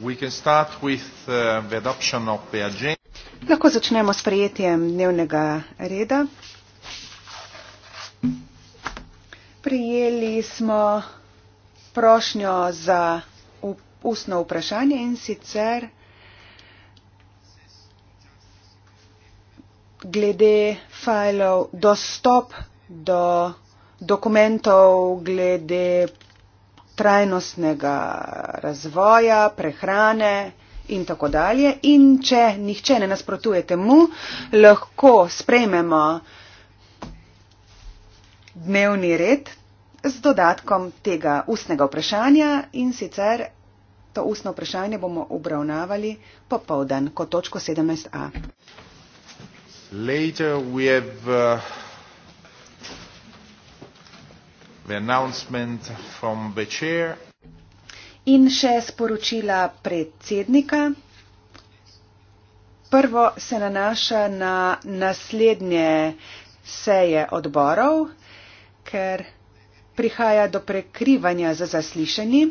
Uh, Lahko začnemo s prejetjem dnevnega reda. Prijeli smo prošnjo za ustno vprašanje in sicer glede fajlov dostop do dokumentov glede trajnostnega razvoja, prehrane in tako dalje. In če nihče ne nasprotuje temu, lahko sprejmemo dnevni red z dodatkom tega ustnega vprašanja in sicer to ustno vprašanje bomo obravnavali popovdan kot točko 17a. Later we have uh... In še sporočila predsednika. Prvo se nanaša na naslednje seje odborov, ker prihaja do prekrivanja za zaslišanji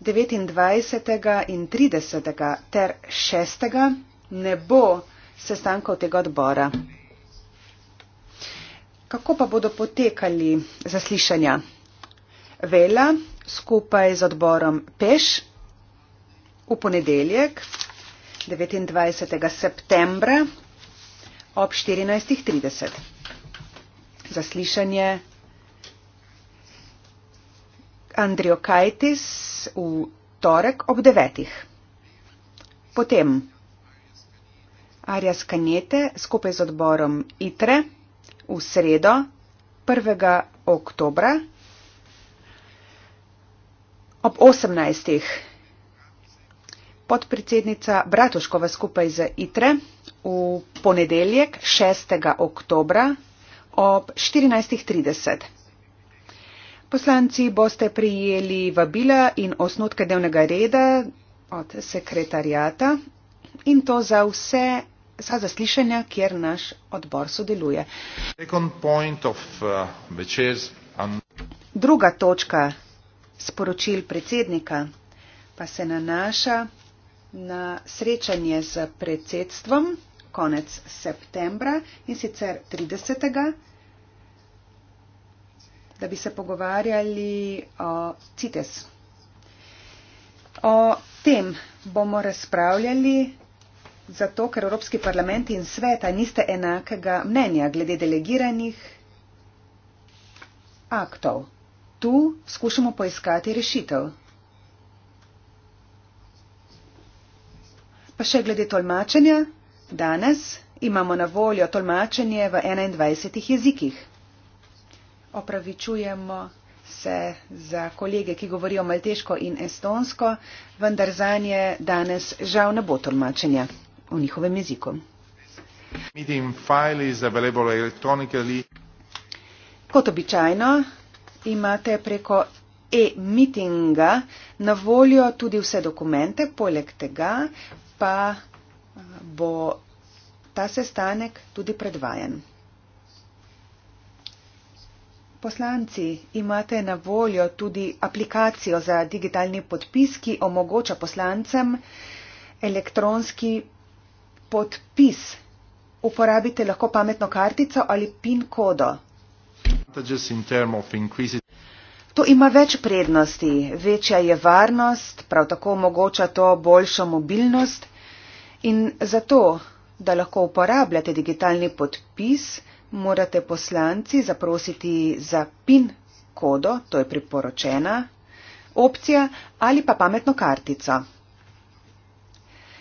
29. in 30. ter 6. ne bo sestankov tega odbora. Kako pa bodo potekali zaslišanja? Vela skupaj z odborom Peš v ponedeljek 29. septembra ob 14.30. Zaslišanje Andrio Kajtis v torek ob 9. Potem Arjas Kanjete skupaj z odborom ITRE v sredo 1. oktobra ob 18. Podpredsednica Bratoškova skupaj z ITRE v ponedeljek 6. oktobra ob 14.30. Poslanci boste prijeli vabila in osnutke dnevnega reda od sekretarjata in to za vse vsa zaslišanja, kjer naš odbor sodeluje. Uh, Druga točka sporočil predsednika pa se nanaša na srečanje z predsedstvom konec septembra in sicer 30. da bi se pogovarjali o CITES. O tem bomo razpravljali zato, ker Evropski parlament in sveta niste enakega mnenja glede delegiranih aktov. Tu skušamo poiskati rešitev. Pa še glede tolmačenja. Danes imamo na voljo tolmačenje v 21 jezikih. Opravičujemo se za kolege, ki govorijo malteško in estonsko, vendar zanje danes žal ne bo tolmačenja v njihovem jeziku. Kot običajno imate preko e-meetinga na voljo tudi vse dokumente, poleg tega pa eh, bo ta sestanek tudi predvajan. Poslanci imate na voljo tudi aplikacijo za digitalni podpis, ki omogoča poslancem elektronski podpis. Uporabite lahko pametno kartico ali PIN kodo. To ima več prednosti. Večja je varnost, prav tako omogoča to boljšo mobilnost. In zato, da lahko uporabljate digitalni podpis, morate poslanci zaprositi za PIN kodo, to je priporočena opcija, ali pa pametno kartico.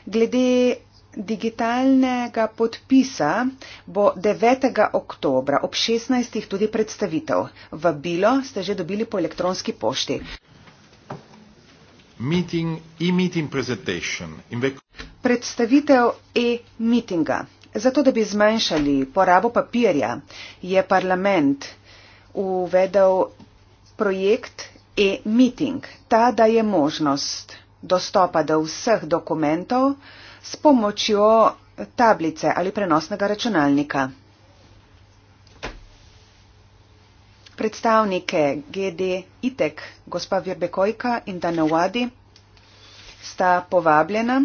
Glede digitalnega podpisa bo 9. oktobra ob 16. tudi predstavitev. Vabilo ste že dobili po elektronski pošti. Meeting, e -meeting the... Predstavitev e-meetinga. Zato, da bi zmanjšali porabo papirja, je parlament uvedel projekt e-meeting. Ta daje možnost dostopa do vseh dokumentov, s pomočjo tablice ali prenosnega računalnika. Predstavnike GD ITEK, gospa Virbekojka in Dana Wadi, sta povabljena.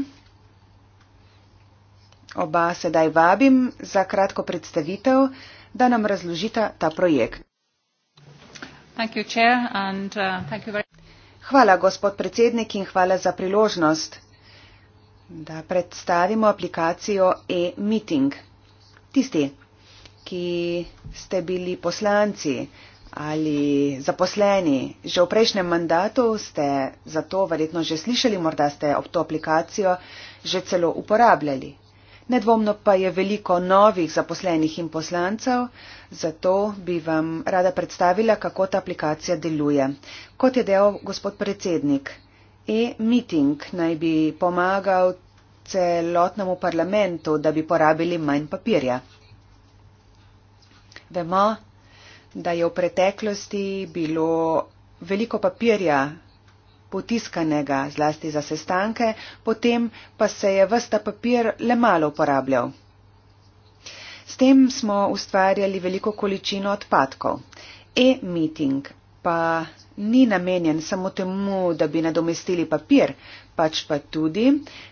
Oba sedaj vabim za kratko predstavitev, da nam razložita ta projekt. Uh, hvala, gospod predsednik, in hvala za priložnost da predstavimo aplikacijo e-meeting. Tisti, ki ste bili poslanci ali zaposleni že v prejšnjem mandatu, ste za to verjetno že slišali, morda ste ob to aplikacijo že celo uporabljali. Nedvomno pa je veliko novih zaposlenih in poslancev, zato bi vam rada predstavila, kako ta aplikacija deluje. Kot je del gospod predsednik, E-meeting naj bi pomagal celotnemu parlamentu, da bi porabili manj papirja. Vemo, da je v preteklosti bilo veliko papirja potiskanega zlasti za sestanke, potem pa se je vsta papir le malo uporabljal. S tem smo ustvarjali veliko količino odpadkov. E-meeting pa ni namenjen samo temu, da bi nadomestili papir, pač pa tudi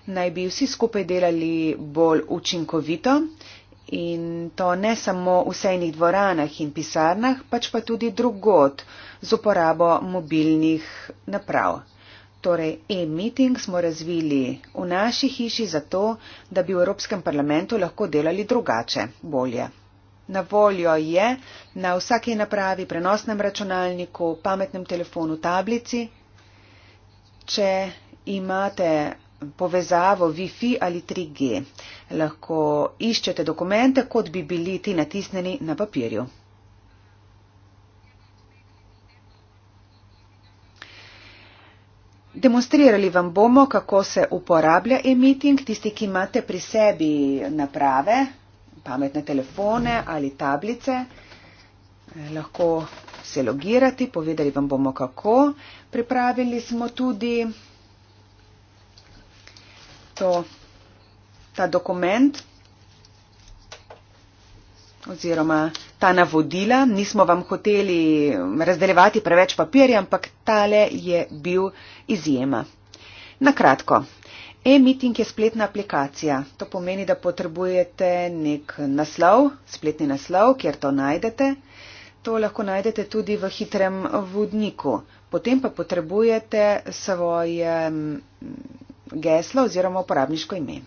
naj bi vsi skupaj delali bolj učinkovito in to ne samo v sejnih dvoranah in pisarnah, pač pa tudi drugot z uporabo mobilnih naprav. Torej, e-meeting smo razvili v naši hiši zato, da bi v Evropskem parlamentu lahko delali drugače, bolje. Na voljo je na vsaki napravi, prenosnem računalniku, pametnem telefonu, tablici. Če imate povezavo Wi-Fi ali 3G, lahko iščete dokumente, kot bi bili ti natisneni na papirju. Demonstrirali vam bomo, kako se uporablja e-meeting. Tisti, ki imate pri sebi naprave, pametne telefone ali tablice, eh, lahko se logirati, povedali vam bomo kako. Pripravili smo tudi to, ta dokument oziroma ta navodila. Nismo vam hoteli razdeljevati preveč papirja, ampak tale je bil izjema. Na kratko. E-meeting je spletna aplikacija. To pomeni, da potrebujete nek naslov, spletni naslov, kjer to najdete. To lahko najdete tudi v hitrem vodniku. Potem pa potrebujete svoje mm, geslo oziroma uporabniško ime.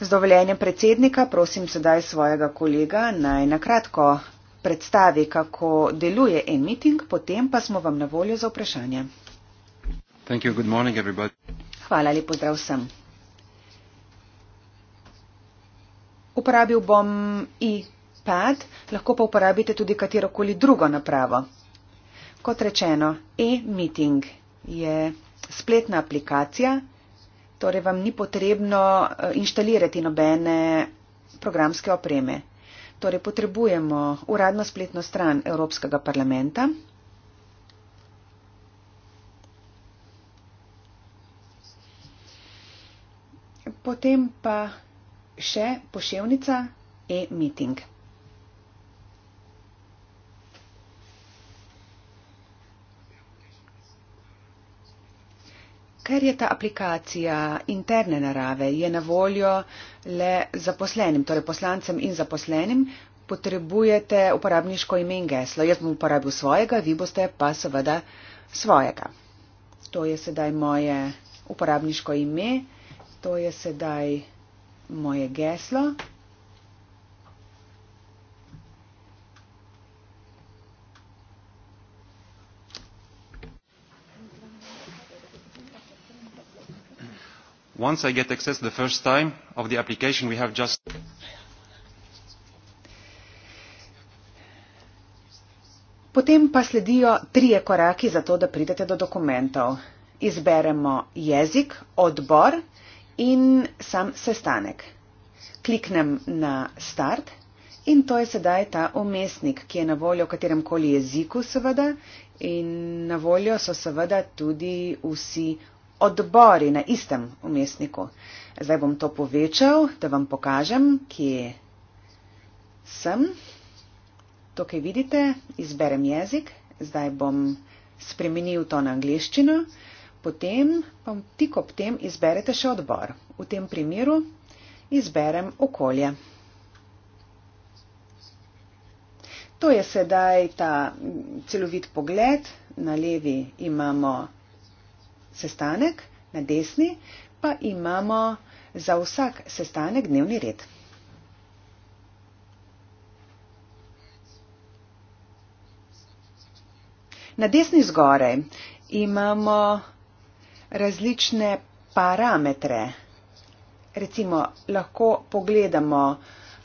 Z dovoljenjem predsednika prosim sedaj svojega kolega naj nakratko predstavi, kako deluje en meeting, potem pa smo vam na voljo za vprašanje. Thank you, good morning everybody. Hvala, lepo zdrav vsem. Uporabil bom iPad, lahko pa uporabite tudi katerokoli drugo napravo. Kot rečeno, e-meeting je spletna aplikacija, torej vam ni potrebno eh, inštalirati nobene programske opreme. Torej potrebujemo uradno spletno stran Evropskega parlamenta, potem pa še poševnica e-meeting. Ker je ta aplikacija interne narave, je na voljo le zaposlenim, torej poslancem in zaposlenim, potrebujete uporabniško ime in geslo. Jaz bom uporabil svojega, vi boste pa seveda svojega. To je sedaj moje uporabniško ime. To je sedaj moje geslo. Once I get access the first time of the application we have just Potem pa sledijo trije koraki za to, da pridete do dokumentov. Izberemo jezik, odbor in sam sestanek. Kliknem na start in to je sedaj ta omestnik, ki je na voljo v katerem koli jeziku seveda in na voljo so seveda tudi vsi odbori na istem omestniku. Zdaj bom to povečal, da vam pokažem, kje sem. Tukaj vidite, izberem jezik, zdaj bom spremenil to na angliščino. Potem pa tik ob tem izberete še odbor. V tem primeru izberem okolje. To je sedaj ta celovit pogled. Na levi imamo sestanek, na desni pa imamo za vsak sestanek dnevni red. Na desni zgoraj imamo različne parametre. Recimo, lahko pogledamo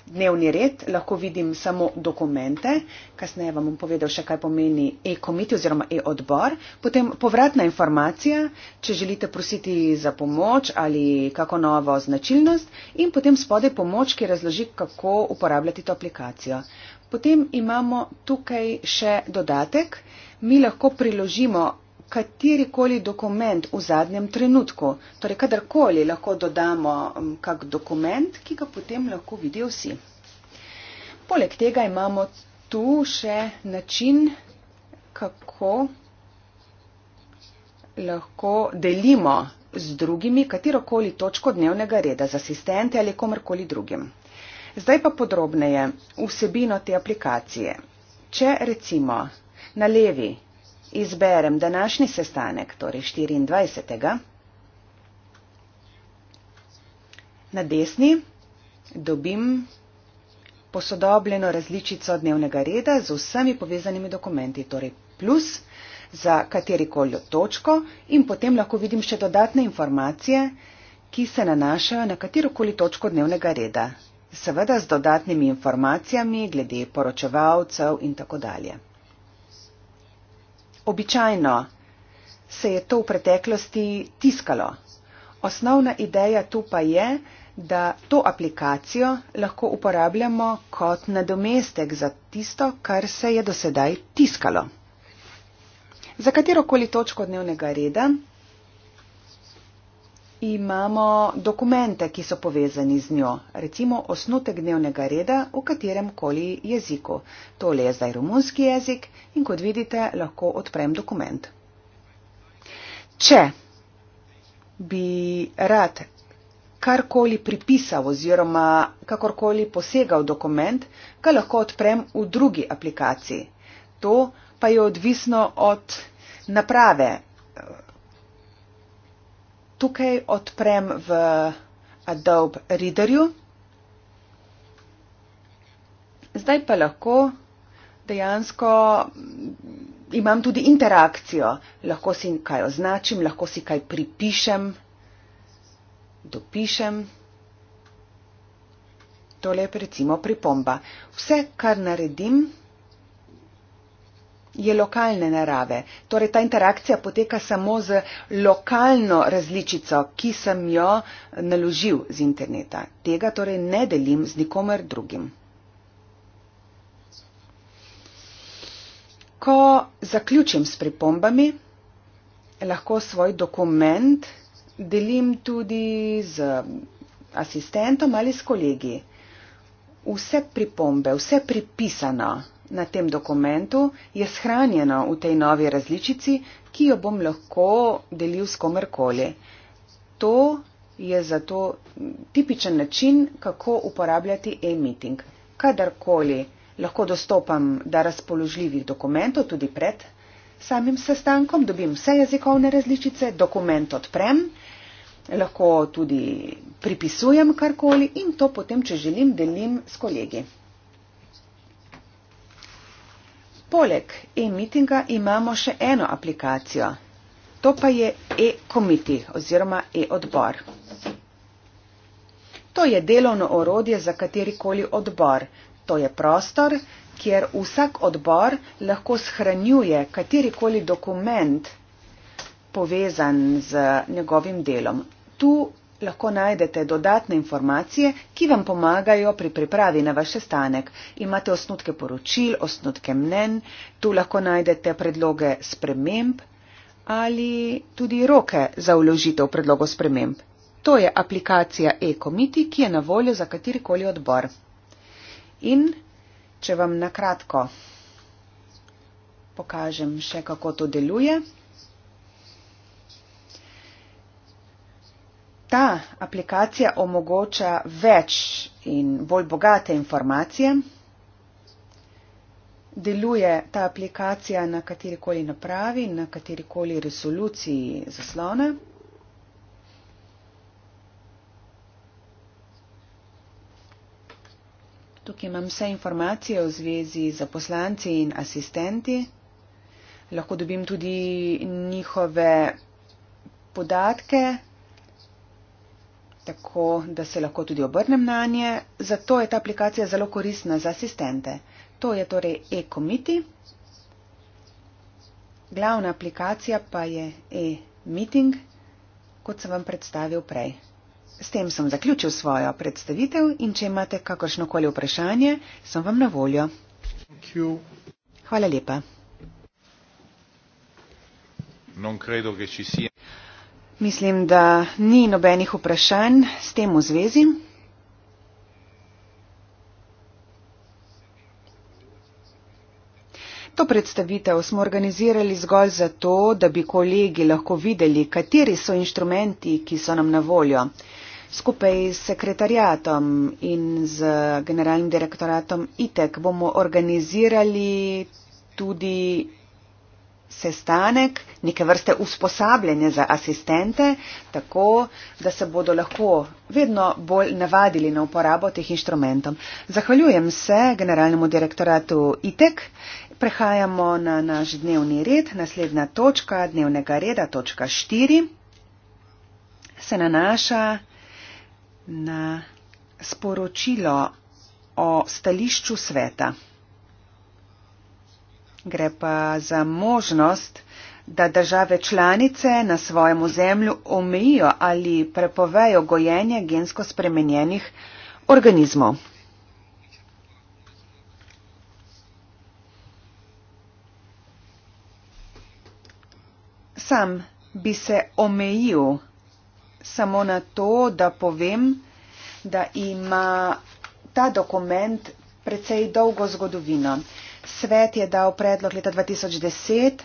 dnevni red, lahko vidim samo dokumente, kasneje vam bom povedal še, kaj pomeni e-komite oziroma e-odbor. Potem povratna informacija, če želite prositi za pomoč ali kako novo značilnost in potem spode pomoč, ki razloži, kako uporabljati to aplikacijo. Potem imamo tukaj še dodatek. Mi lahko priložimo katerikoli dokument v zadnjem trenutku. Torej, kadarkoli lahko dodamo um, kak dokument, ki ga potem lahko vidijo vsi. Poleg tega imamo tu še način, kako lahko delimo z drugimi katerokoli točko dnevnega reda, z asistente ali komarkoli drugim. Zdaj pa podrobneje vsebino te aplikacije. Če recimo na levi izberem današnji sestanek, torej 24. Na desni dobim posodobljeno različico dnevnega reda z vsemi povezanimi dokumenti, torej plus za katerikoli točko in potem lahko vidim še dodatne informacije, ki se nanašajo na katerokoli točko dnevnega reda. Seveda z dodatnimi informacijami glede poročevalcev in tako dalje. Običajno se je to v preteklosti tiskalo. Osnovna ideja tu pa je, da to aplikacijo lahko uporabljamo kot nadomestek za tisto, kar se je dosedaj tiskalo. Za katero koli točko dnevnega reda imamo dokumente, ki so povezani z njo, recimo osnutek dnevnega reda v katerem koli jeziku. Tole je zdaj romunski jezik in kot vidite, lahko odprem dokument. Če bi rad karkoli pripisal oziroma kakorkoli posegal dokument, ga lahko odprem v drugi aplikaciji. To pa je odvisno od naprave, tukaj odprem v Adobe Readerju. Zdaj pa lahko dejansko mm, imam tudi interakcijo. Lahko si kaj označim, lahko si kaj pripišem, dopišem. Tole je recimo pripomba. Vse, kar naredim, je lokalne narave. Torej ta interakcija poteka samo z lokalno različico, ki sem jo naložil z interneta. Tega torej ne delim z nikomer drugim. Ko zaključim s pripombami, lahko svoj dokument delim tudi z asistentom ali s kolegi. Vse pripombe, vse pripisano na tem dokumentu je shranjeno v tej novi različici, ki jo bom lahko delil s komerkoli. To je zato tipičen način, kako uporabljati e-meeting. Kadarkoli lahko dostopam do razpoložljivih dokumentov, tudi pred samim sestankom, dobim vse jezikovne različice, dokument odprem, lahko tudi pripisujem karkoli in to potem, če želim, delim s kolegi. Poleg e-mitinga imamo še eno aplikacijo. To pa je e-komiti oziroma e-odbor. To je delovno orodje za katerikoli odbor. To je prostor, kjer vsak odbor lahko shranjuje katerikoli dokument povezan z njegovim delom. Tu lahko najdete dodatne informacije, ki vam pomagajo pri pripravi na vaš sestanek. Imate osnutke poročil, osnutke mnen, tu lahko najdete predloge sprememb ali tudi roke za vložitev predlogov sprememb. To je aplikacija e-komiti, ki je na voljo za katerikoli odbor. In če vam na kratko pokažem še, kako to deluje. ta aplikacija omogoča več in bolj bogate informacije. Deluje ta aplikacija na katerikoli napravi, na katerikoli resoluciji zaslona. Tukaj imam vse informacije v zvezi z poslanci in asistenti. Lahko dobim tudi njihove podatke, tako da se lahko tudi obrnem na nje. Zato je ta aplikacija zelo koristna za asistente. To je torej e-committee. Glavna aplikacija pa je e-meeting, kot sem vam predstavil prej. S tem sem zaključil svojo predstavitev in če imate kakršnokoli vprašanje, sem vam na voljo. Hvala lepa. Non credo che ci sia. Mislim, da ni nobenih vprašanj s tem v zvezi. To predstavitev smo organizirali zgolj zato, da bi kolegi lahko videli, kateri so inštrumenti, ki so nam na voljo. Skupaj s sekretarjatom in z generalnim direktoratom ITEK bomo organizirali tudi sestanek, neke vrste usposabljanje za asistente, tako da se bodo lahko vedno bolj navadili na uporabo teh inštrumentov. Zahvaljujem se generalnemu direktoratu ITEK. Prehajamo na naš dnevni red. Naslednja točka dnevnega reda, točka 4, se nanaša na sporočilo o stališču sveta. Gre pa za možnost, da države članice na svojem ozemlju omejijo ali prepovejo gojenje gensko spremenjenih organizmov. Sam bi se omejil samo na to, da povem, da ima ta dokument precej dolgo zgodovino. Svet je dal predlog leta 2010,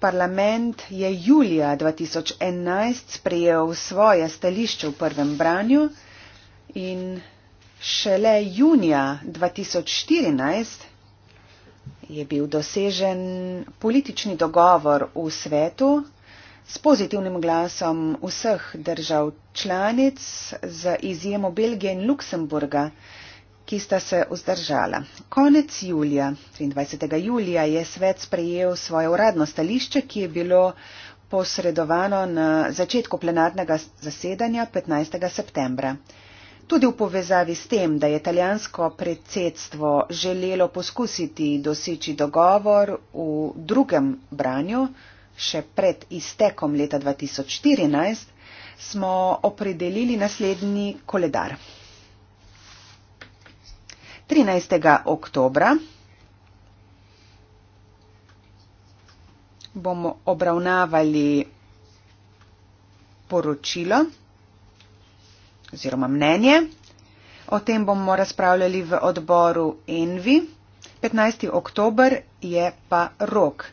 parlament je julija 2011 sprejel svoje stališče v prvem branju in šele junija 2014 je bil dosežen politični dogovor v svetu s pozitivnim glasom vseh držav članic, za izjemo Belgije in Luksemburga ki sta se vzdržala. Konec julija, 23. julija, je svet sprejel svoje uradno stališče, ki je bilo posredovano na začetku plenarnega zasedanja 15. septembra. Tudi v povezavi s tem, da je italijansko predsedstvo želelo poskusiti doseči dogovor v drugem branju, še pred iztekom leta 2014, smo opredelili naslednji koledar. 13. oktobra bomo obravnavali poročilo oziroma mnenje. O tem bomo razpravljali v odboru Envi. 15. oktober je pa rok.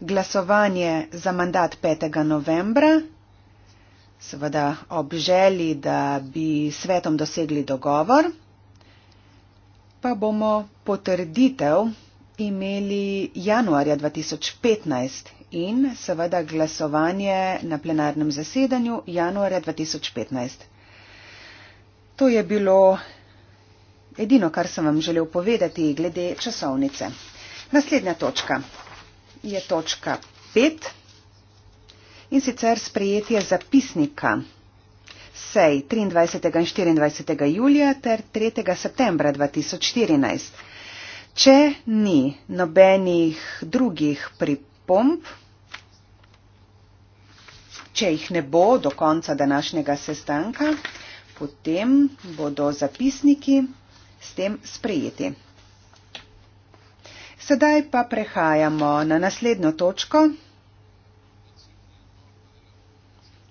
Glasovanje za mandat 5. novembra, seveda ob želji, da bi svetom dosegli dogovor pa bomo potrditev imeli januarja 2015 in seveda glasovanje na plenarnem zasedanju januarja 2015. To je bilo edino, kar sem vam želel povedati glede časovnice. Naslednja točka je točka 5 in sicer sprejetje zapisnika sej 23. in 24. julija ter 3. septembra 2014. Če ni nobenih drugih pripomb, če jih ne bo do konca današnjega sestanka, potem bodo zapisniki s tem sprejeti. Sedaj pa prehajamo na naslednjo točko,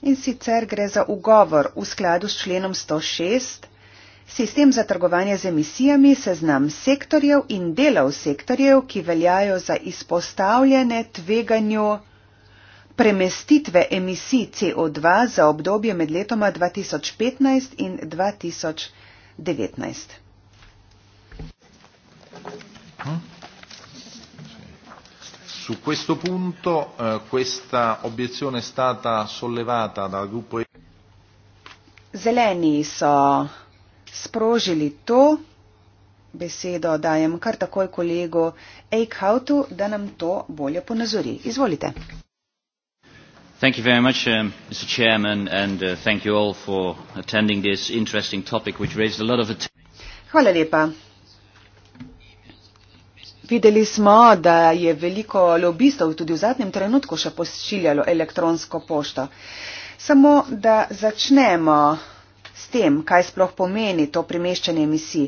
in sicer gre za ugovor v skladu s členom 106, sistem za trgovanje z emisijami, seznam sektorjev in delov sektorjev, ki veljajo za izpostavljene tveganju premestitve emisij CO2 za obdobje med letoma 2015 in 2019. Hm? su questo punto eh, questa obiezione è stata sollevata dal gruppo e. Zeleni so sprožili to besedo dajem kar takoj kolegu Eichhautu, da nam to bolje ponazori. Izvolite. Thank you very much, um, Mr. Chairman, and uh, thank you all for attending this interesting topic, which raised a lot of attention. Hvala lepa. Videli smo, da je veliko lobistov tudi v zadnjem trenutku še pošiljalo elektronsko pošto. Samo da začnemo s tem, kaj sploh pomeni to premeščanje emisij.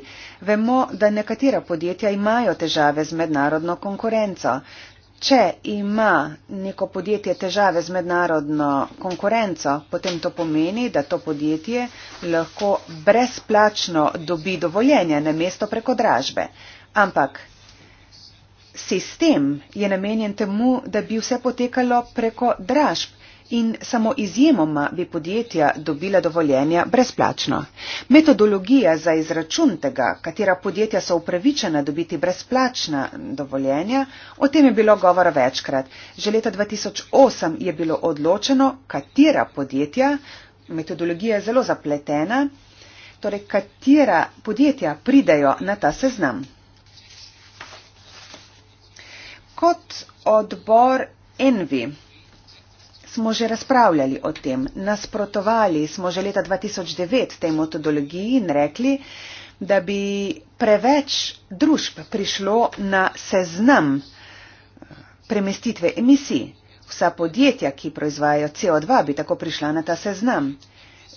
Vemo, da nekatera podjetja imajo težave z mednarodno konkurenco. Če ima neko podjetje težave z mednarodno konkurenco, potem to pomeni, da to podjetje lahko brezplačno dobi dovoljenje na mesto preko dražbe. Ampak Sistem je namenjen temu, da bi vse potekalo preko dražb in samo izjemoma bi podjetja dobila dovoljenja brezplačno. Metodologija za izračun tega, katera podjetja so upravičena dobiti brezplačna dovoljenja, o tem je bilo govora večkrat. Že leta 2008 je bilo odločeno, katera podjetja, metodologija je zelo zapletena, torej katera podjetja pridajo na ta seznam. Kot odbor Envi smo že razpravljali o tem, nasprotovali smo že leta 2009 tej metodologiji in rekli, da bi preveč družb prišlo na seznam eh, premestitve emisij. Vsa podjetja, ki proizvajajo CO2, bi tako prišla na ta seznam.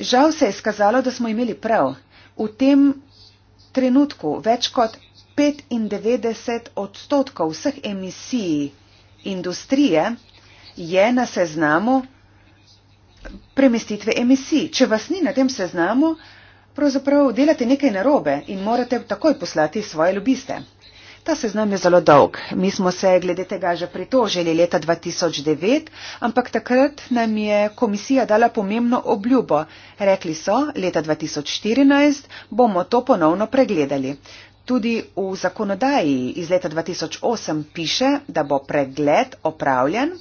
Žal se je skazalo, da smo imeli prav. V tem trenutku več kot 95 odstotkov vseh emisij industrije je na seznamu premestitve emisij. Če vas ni na tem seznamu, pravzaprav delate nekaj narobe in morate takoj poslati svoje lobiste. Ta seznam je zelo dolg. Mi smo se glede tega že pritožili leta 2009, ampak takrat nam je komisija dala pomembno obljubo. Rekli so, leta 2014 bomo to ponovno pregledali. Tudi v zakonodaji iz leta 2008 piše, da bo pregled opravljen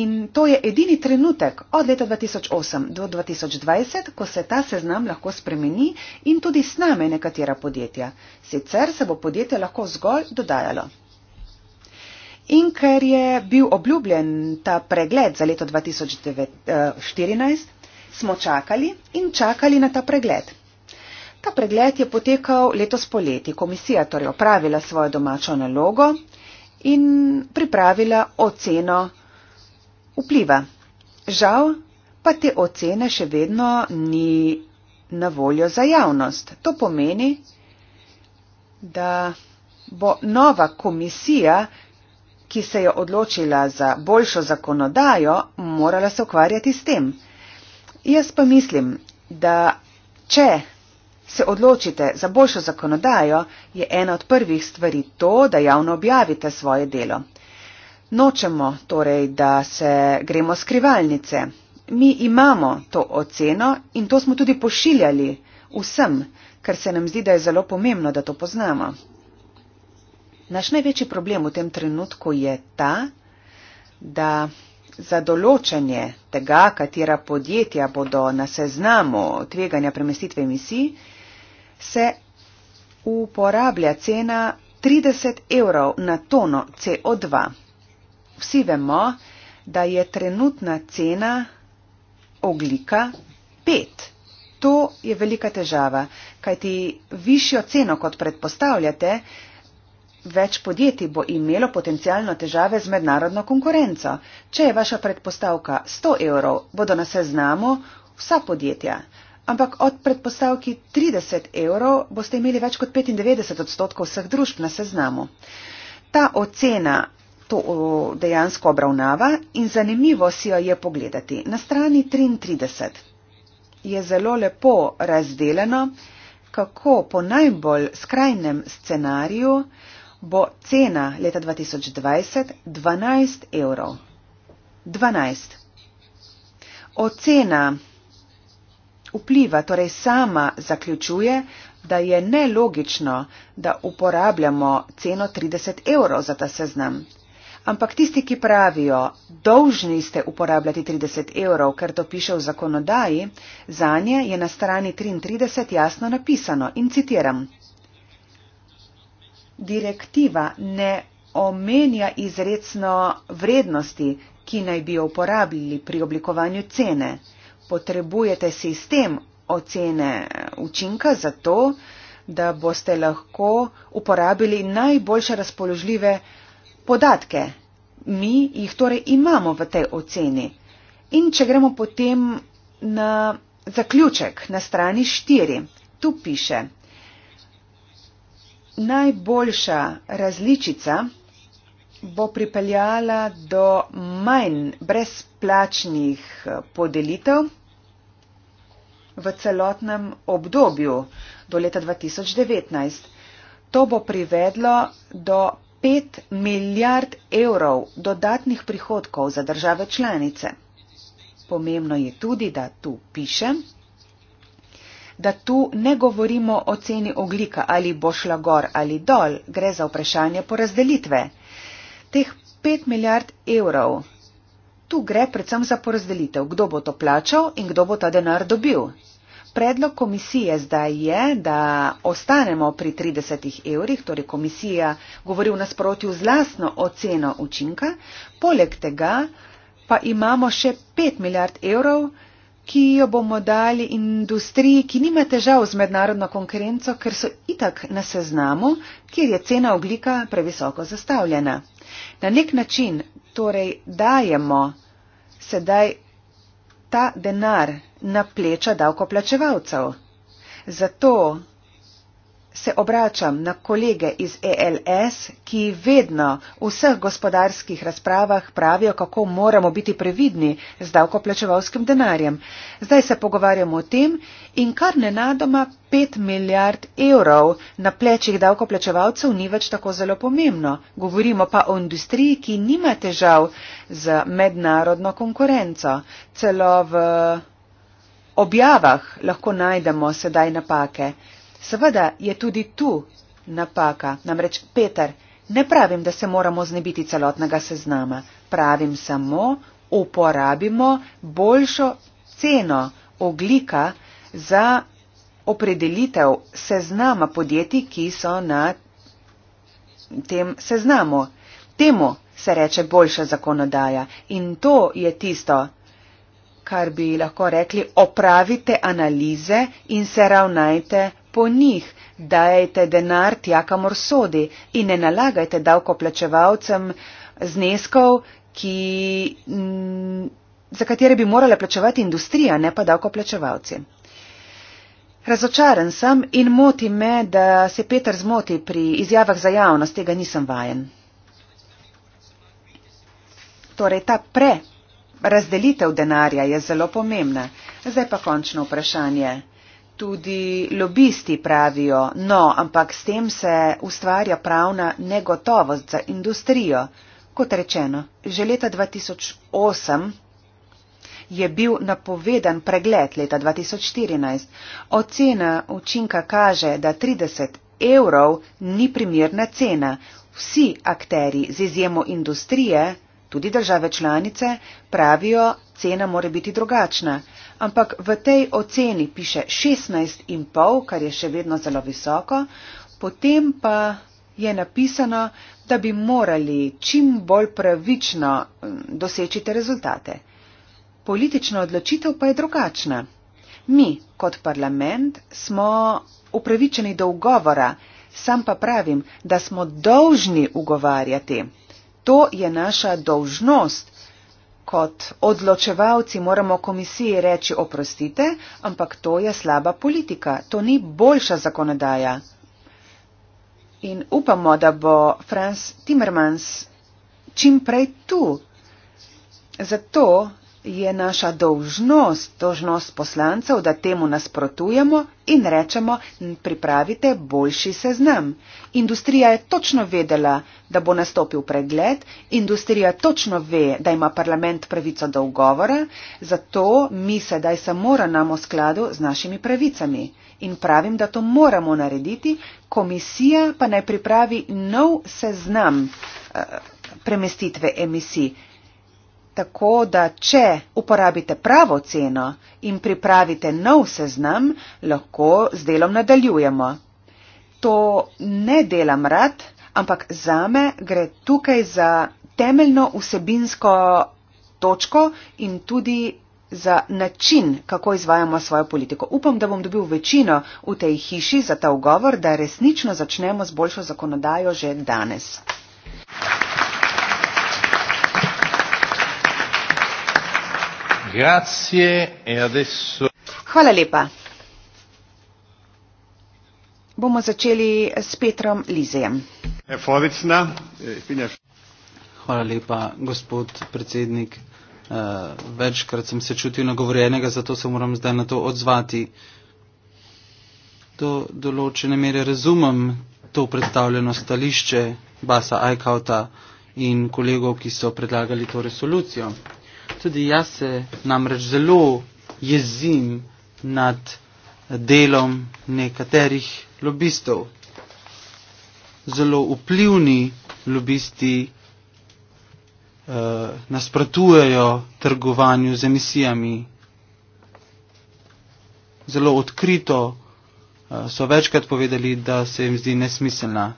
in to je edini trenutek od leta 2008 do 2020, ko se ta seznam lahko spremeni in tudi sname nekatera podjetja. Sicer se bo podjetje lahko zgolj dodajalo. In ker je bil obljubljen ta pregled za leto 2014, eh, smo čakali in čakali na ta pregled. Ta pregled je potekal letos poleti. Komisija torej opravila svojo domačo nalogo in pripravila oceno vpliva. Žal pa te ocene še vedno ni na voljo za javnost. To pomeni, da bo nova komisija, ki se je odločila za boljšo zakonodajo, morala se ukvarjati s tem. Jaz pa mislim, da če se odločite za boljšo zakonodajo, je ena od prvih stvari to, da javno objavite svoje delo. Nočemo torej, da se gremo skrivalnice. Mi imamo to oceno in to smo tudi pošiljali vsem, ker se nam zdi, da je zelo pomembno, da to poznamo. Naš največji problem v tem trenutku je ta, da za določanje tega, katera podjetja bodo na seznamu tveganja premestitve emisij, se uporablja cena 30 evrov na tono CO2. Vsi vemo, da je trenutna cena oglika 5. To je velika težava, kajti višjo ceno, kot predpostavljate, več podjetij bo imelo potencijalno težave z mednarodno konkurenco. Če je vaša predpostavka 100 evrov, bodo na seznamu vsa podjetja, ampak od predpostavki 30 evrov boste imeli več kot 95 odstotkov vseh družb na seznamu. Ta ocena to dejansko obravnava in zanimivo si jo je pogledati. Na strani 33 je zelo lepo razdeljeno, kako po najbolj skrajnem scenariju bo cena leta 2020 12 evrov. 12. Ocena vpliva, torej sama zaključuje, da je nelogično, da uporabljamo ceno 30 evrov za ta seznam. Ampak tisti, ki pravijo, dolžni ste uporabljati 30 evrov, ker to piše v zakonodaji, za nje je na strani 33 jasno napisano in citiram. Direktiva ne omenja izredno vrednosti, ki naj bi jo uporabili pri oblikovanju cene potrebujete sistem ocene učinka za to, da boste lahko uporabili najboljše razpoložljive podatke. Mi jih torej imamo v tej oceni. In če gremo potem na zaključek na strani 4, tu piše, najboljša različica bo pripeljala do manj brezplačnih podelitev v celotnem obdobju do leta 2019. To bo privedlo do 5 milijard evrov dodatnih prihodkov za države članice. Pomembno je tudi, da tu piše, da tu ne govorimo o ceni oglika, ali bo šla gor ali dol, gre za vprašanje porazdelitve. Teh 5 milijard evrov, tu gre predvsem za porazdelitev, kdo bo to plačal in kdo bo ta denar dobil. Predlog komisije zdaj je, da ostanemo pri 30 evrih, torej komisija govori v nasprotju z lasno oceno učinka, poleg tega pa imamo še 5 milijard evrov, ki jo bomo dali industriji, ki nima težav z mednarodno konkurenco, ker so itak na seznamu, kjer je cena oglika previsoko zastavljena. Na nek način torej dajemo sedaj ta denar na pleča davkoplačevalcev. Zato se obračam na kolege iz ELS, ki vedno v vseh gospodarskih razpravah pravijo, kako moramo biti previdni z davkoplačevalskim denarjem. Zdaj se pogovarjamo o tem in kar nenadoma 5 milijard evrov na plečih davkoplačevalcev ni več tako zelo pomembno. Govorimo pa o industriji, ki nima težav z mednarodno konkurenco. Celo v objavah lahko najdemo sedaj napake. Seveda je tudi tu napaka, namreč Peter, ne pravim, da se moramo znebiti celotnega seznama, pravim samo, uporabimo boljšo ceno oglika za opredelitev seznama podjetij, ki so na tem seznamu. Temu se reče boljša zakonodaja in to je tisto, kar bi lahko rekli, opravite analize in se ravnajte po njih, dajte denar tja, kamor sodi in ne nalagajte davkoplačevalcem zneskov, ki, mm, za katere bi morala plačevati industrija, ne pa davkoplačevalci. Razočaran sem in moti me, da se Peter zmoti pri izjavah za javnost, tega nisem vajen. Torej, ta pre Razdelitev denarja je zelo pomembna. Zdaj pa končno vprašanje. Tudi lobisti pravijo, no, ampak s tem se ustvarja pravna negotovost za industrijo. Kot rečeno, že leta 2008 je bil napovedan pregled leta 2014. Ocena učinka kaže, da 30 evrov ni primirna cena. Vsi akteri z izjemo industrije. Tudi države članice pravijo, cena mora biti drugačna, ampak v tej oceni piše 16,5, kar je še vedno zelo visoko, potem pa je napisano, da bi morali čim bolj pravično doseči te rezultate. Politična odločitev pa je drugačna. Mi, kot parlament, smo upravičeni do ugovora, sam pa pravim, da smo dolžni ugovarjati. To je naša dolžnost. Kot odločevalci moramo komisiji reči oprostite, ampak to je slaba politika, to ni boljša zakonodaja. In upamo, da bo Franz Timmermans čim prej tu. Zato je naša dolžnost, dolžnost poslancev, da temu nasprotujemo in rečemo, pripravite boljši seznam. Industrija je točno vedela, da bo nastopil pregled, industrija točno ve, da ima parlament pravico do ugovora, zato mi sedaj se moramo v skladu z našimi pravicami. In pravim, da to moramo narediti, komisija pa naj pripravi nov seznam eh, premestitve emisij. Tako da, če uporabite pravo ceno in pripravite nov seznam, lahko z delom nadaljujemo. To ne delam rad, ampak za me gre tukaj za temeljno vsebinsko točko in tudi za način, kako izvajamo svojo politiko. Upam, da bom dobil večino v tej hiši za ta ugovor, da resnično začnemo z boljšo zakonodajo že danes. E Hvala lepa. Bomo začeli s Petrom Lizejem. E, e, Hvala lepa, gospod predsednik. Večkrat sem se čutil nagovorjenega, zato se moram zdaj na to odzvati. Do določene mere razumem to predstavljeno stališče Basa Ajkauta in kolegov, ki so predlagali to resolucijo. Tudi jaz se namreč zelo jezim nad delom nekaterih lobistov. Zelo vplivni lobisti eh, nasprotujejo trgovanju z emisijami. Zelo odkrito eh, so večkrat povedali, da se jim zdi nesmiselna.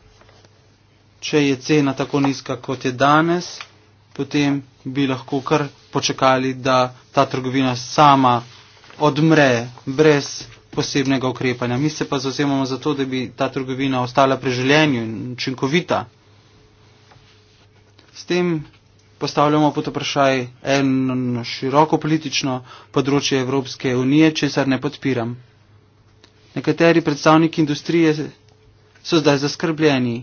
Če je cena tako nizka, kot je danes, potem bi lahko kar počakali, da ta trgovina sama odmre brez posebnega ukrepanja. Mi se pa zauzemamo za to, da bi ta trgovina ostala pri življenju in učinkovita. S tem postavljamo pod vprašaj eno široko politično področje Evropske unije, česar ne podpiram. Nekateri predstavniki industrije so zdaj zaskrbljeni.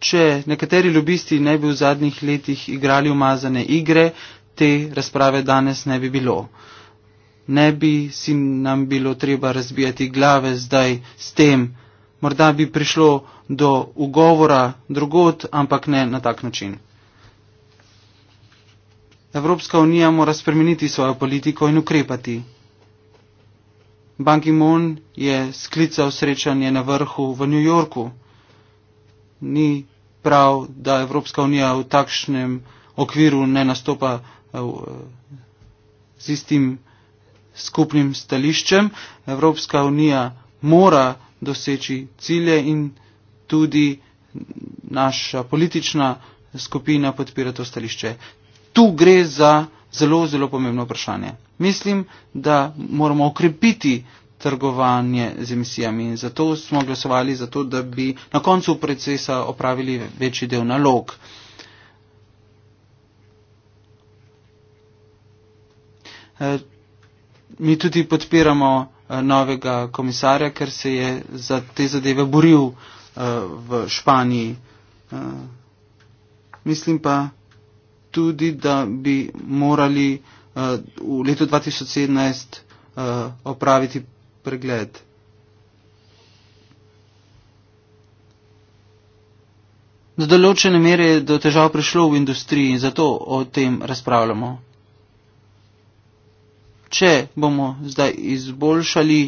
Če nekateri lobisti ne bi v zadnjih letih igrali umazane igre, te razprave danes ne bi bilo. Ne bi si nam bilo treba razbijati glave zdaj s tem, morda bi prišlo do ugovora drugot, ampak ne na tak način. Evropska unija mora spremeniti svojo politiko in ukrepati. Ban Ki-moon je sklical srečanje na vrhu v New Yorku. Ni prav, da Evropska unija v takšnem okviru ne nastopa z istim skupnim stališčem. Evropska unija mora doseči cilje in tudi naša politična skupina podpira to stališče. Tu gre za zelo, zelo pomembno vprašanje. Mislim, da moramo okrepiti trgovanje z emisijami in zato smo glasovali za to, da bi na koncu procesa opravili večji del nalog. Eh, mi tudi podpiramo eh, novega komisarja, ker se je za te zadeve boril eh, v Španiji. Mislim pa tudi, da bi morali v letu 2017 opraviti pregled. Do določene mere je do težav prišlo v industriji in zato o tem razpravljamo če bomo zdaj izboljšali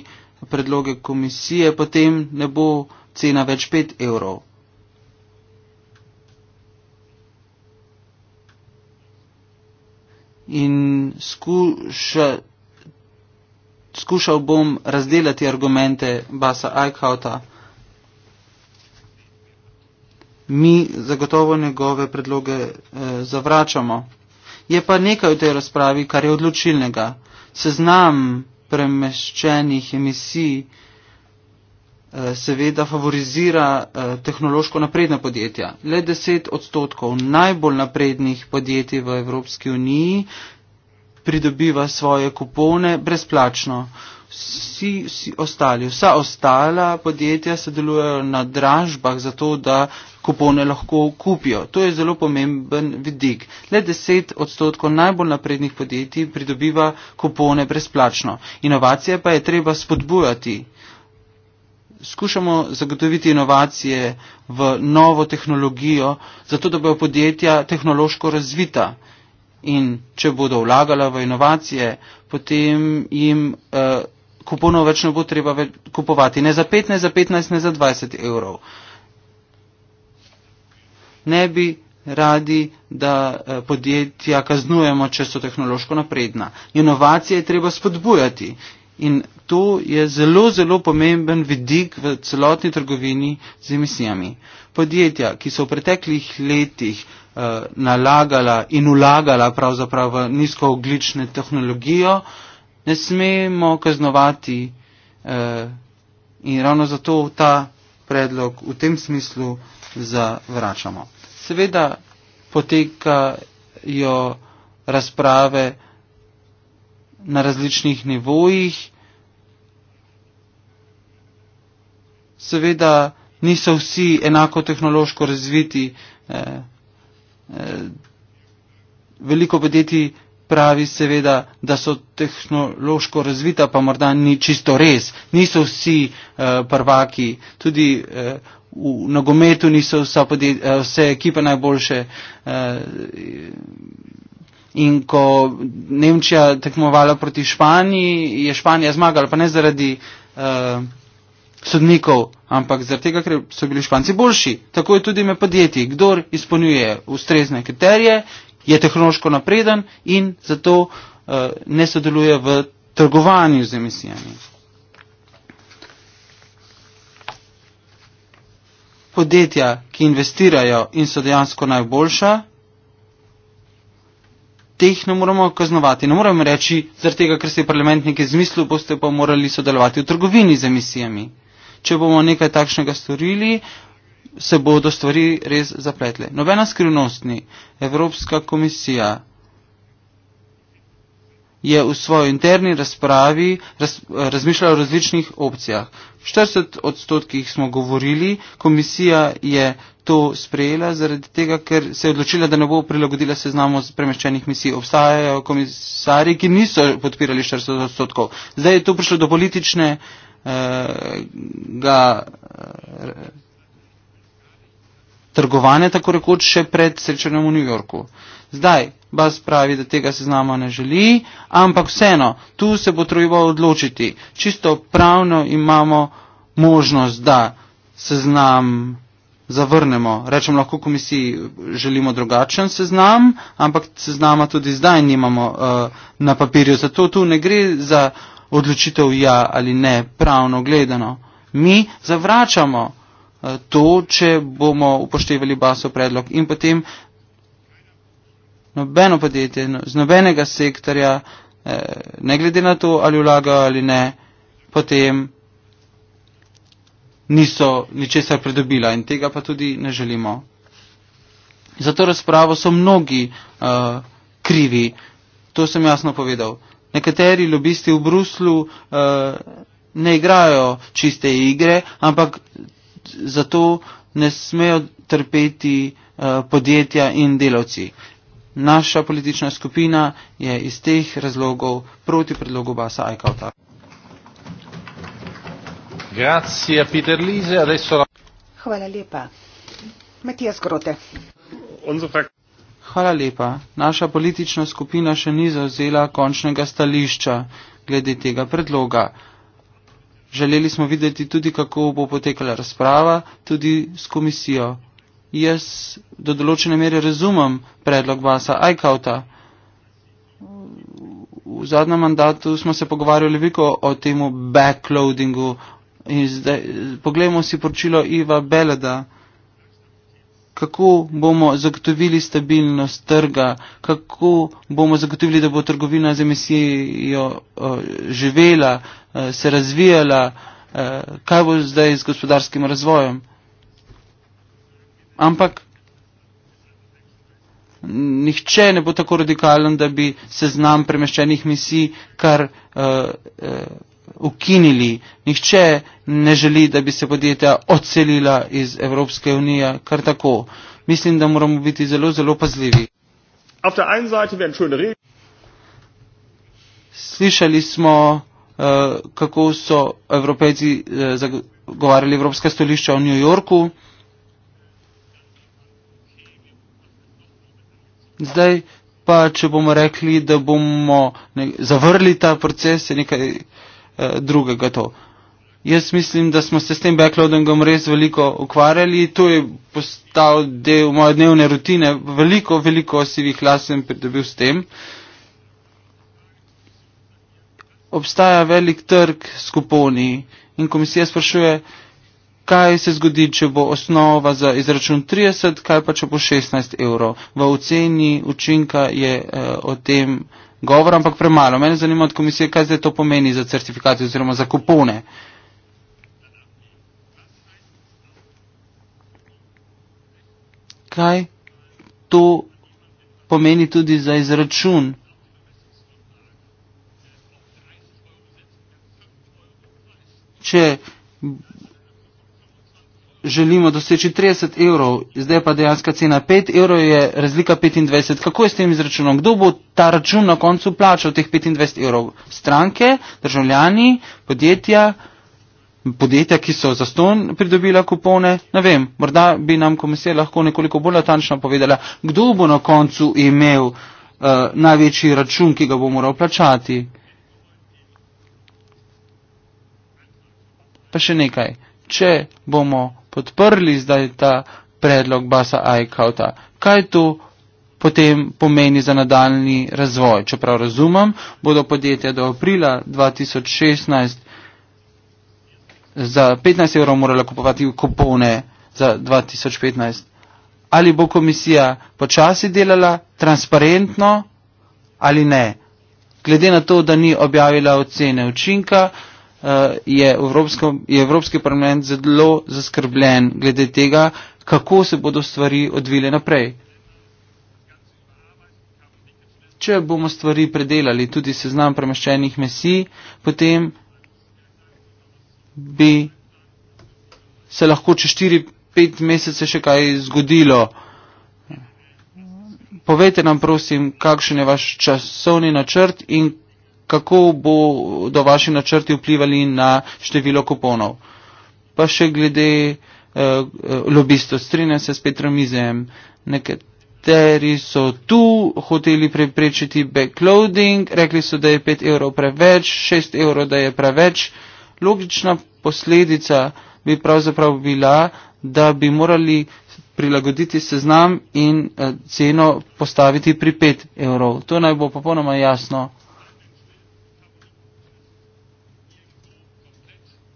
predloge komisije, potem ne bo cena več 5 evrov. In skuša, skušal bom razdelati argumente Basa Eichhauta. Mi zagotovo njegove predloge eh, zavračamo. Je pa nekaj v tej razpravi, kar je odločilnega seznam premeščenih emisij eh, seveda favorizira eh, tehnološko napredna podjetja. Le 10 odstotkov najbolj naprednih podjetij v Evropski uniji pridobiva svoje kupone brezplačno vsi, vsi ostali, vsa ostala podjetja sodelujejo na dražbah, zato da kupone lahko kupijo. To je zelo pomemben vidik. Le 10 odstotkov najbolj naprednih podjetij pridobiva kupone brezplačno. Inovacije pa je treba spodbujati. Skušamo zagotoviti inovacije v novo tehnologijo, zato da bojo podjetja tehnološko razvita. In če bodo vlagala v inovacije, potem jim. Uh, kuponov več ne bo treba več kupovati. Ne za 15, za 15, ne za 20 evrov. Ne bi radi, da eh, podjetja kaznujemo, če so tehnološko napredna. Inovacije je treba spodbujati. In to je zelo, zelo pomemben vidik v celotni trgovini z emisijami. Podjetja, ki so v preteklih letih eh, nalagala in ulagala pravzaprav v nizkooglične tehnologijo, eh, ne smemo kaznovati eh, in ravno zato ta predlog v tem smislu zavračamo. Seveda potekajo razprave na različnih nivojih, seveda niso vsi enako tehnološko razviti, eh, eh, veliko podjetij pravi seveda, da so tehnološko razvita, pa morda ni čisto res. Niso vsi uh, prvaki, tudi uh, v nogometu niso vsa podjetja, uh, eh, vse ekipe najboljše. Uh, in ko Nemčija tekmovala proti Španiji, je Španija zmagala, pa ne zaradi. Uh, sodnikov, ampak zaradi tega, ker so bili španci boljši. Tako je tudi ime podjetij. Kdor izpolnjuje ustrezne kriterije, je tehnološko napreden in zato eh, ne sodeluje v trgovanju z emisijami. Podjetja, ki investirajo in so dejansko najboljša, teh ne moremo kaznovati. Ne moremo reči, zaradi tega, ker se je parlament nekaj zmislil, boste pa morali sodelovati v trgovini z emisijami. Če bomo nekaj takšnega storili, se bodo stvari res zapletle. Nobena skrivnost ni. Evropska komisija je v svoji interni razpravi raz, razmišljala o različnih opcijah. V 40 odstotkih smo govorili, komisija je to sprejela zaradi tega, ker se je odločila, da ne bo prilagodila seznamo z premeščenih misij. Obstajajo komisari, ki niso podpirali 40 odstotkov. Zdaj je to prišlo do politične eh, ga, eh, trgovanja, tako rekoč, še pred srečanjem v New Yorku. Zdaj, Bas pravi, da tega seznama ne želi, ampak vseeno, tu se bo treba odločiti. Čisto pravno imamo možnost, da seznam zavrnemo. Rečem lahko komisiji, želimo drugačen seznam, ampak seznama tudi zdaj nimamo uh, na papirju. Zato tu ne gre za odločitev ja ali ne, pravno gledano. Mi zavračamo Eh, to, če bomo upoštevali baso predlog. In potem nobeno podjetje no, z nobenega sektorja, eh, ne glede na to, ali vlagajo ali ne, potem niso ničesar pridobila in tega pa tudi ne želimo. Za to razpravo so mnogi uh, krivi, to sem jasno povedal. Nekateri lobisti v Bruslu uh, ne igrajo čiste igre, ampak zato ne smejo trpeti eh, podjetja in delavci. Naša politična skupina je iz teh razlogov proti predlogu Basa Ajkauta. Grazie, Peter Lise, adesso... Hvala lepa. Matija Skrote. Hvala lepa. Naša politična skupina še ni zauzela končnega stališča glede tega predloga. Želeli smo videti tudi, kako bo potekala razprava, tudi s komisijo. Jaz do določene mere razumem predlog Vasa Ajkauta. V zadnjem mandatu smo se pogovarjali veliko o temu backloadingu in zdaj poglejmo si poročilo Iva Beleda kako bomo zagotovili stabilnost trga, kako bomo zagotovili, da bo trgovina z emisijo eh, živela, eh, se razvijala, eh, kaj bo zdaj z gospodarskim razvojem. Ampak nihče ne bo tako radikalen, da bi seznam premeščenih misij kar. Uh, uh, ukinili. Nihče ne želi, da bi se podjetja odselila iz Evropske unije kar tako. Mislim, da moramo biti zelo, zelo pazljivi. Slišali smo, eh, kako so evropejci eh, zagovarjali evropska stolišča v New Yorku. Zdaj pa, če bomo rekli, da bomo zavrli ta proces, je nekaj. Eh, drugega to. Jaz mislim, da smo se s tem backloadingom res veliko ukvarjali, to je postal del moje dnevne rutine, veliko, veliko osivih las sem pridobil s tem. Obstaja velik trg s kuponi in komisija sprašuje, kaj se zgodi, če bo osnova za izračun 30, kaj pa če bo 16 evrov. V oceni učinka je eh, o tem govora, ampak premalo. Mene zanima od komisije, kaj zdaj to pomeni za certifikate oziroma za kupone. Kaj to pomeni tudi za izračun? Če želimo doseči 30 evrov, zdaj pa dejanska cena 5 evrov, je razlika 25. Kako je s tem izračunom? Kdo bo ta račun na koncu plačal teh 25 evrov? Stranke, državljani, podjetja, podjetja, ki so za ston pridobila kupone? Ne vem, morda bi nam komisija lahko nekoliko bolj natančno povedala, kdo bo na koncu imel uh, največji račun, ki ga bo moral plačati. Pa še nekaj. Če bomo podprli zdaj ta predlog Basa Aikauta. Kaj to potem pomeni za nadaljni razvoj? Čeprav razumem, bodo podjetja do aprila 2016 za 15 evrov morala kupovati kupone za 2015. Ali bo komisija počasi delala, transparentno ali ne? Glede na to, da ni objavila ocene učinka, Eh, je, Evropsko, je Evropski parlament zelo zaskrbljen glede tega, kako se bodo stvari odvile naprej. Če bomo stvari predelali, tudi seznam premeščenih mesij, potem bi se lahko čez 4-5 mesece še kaj zgodilo. Povejte nam, prosim, kakšen je vaš časovni načrt in kako bo do vaši načrti vplivali na število kuponov. Pa še glede eh, eh lobisto strinja se s Petrom Izem, nekateri so tu hoteli preprečiti backloading, rekli so, da je 5 evrov preveč, 6 evrov, da je preveč. Logična posledica bi pravzaprav bila, da bi morali prilagoditi seznam in eh, ceno postaviti pri 5 evrov. To naj bo popolnoma jasno.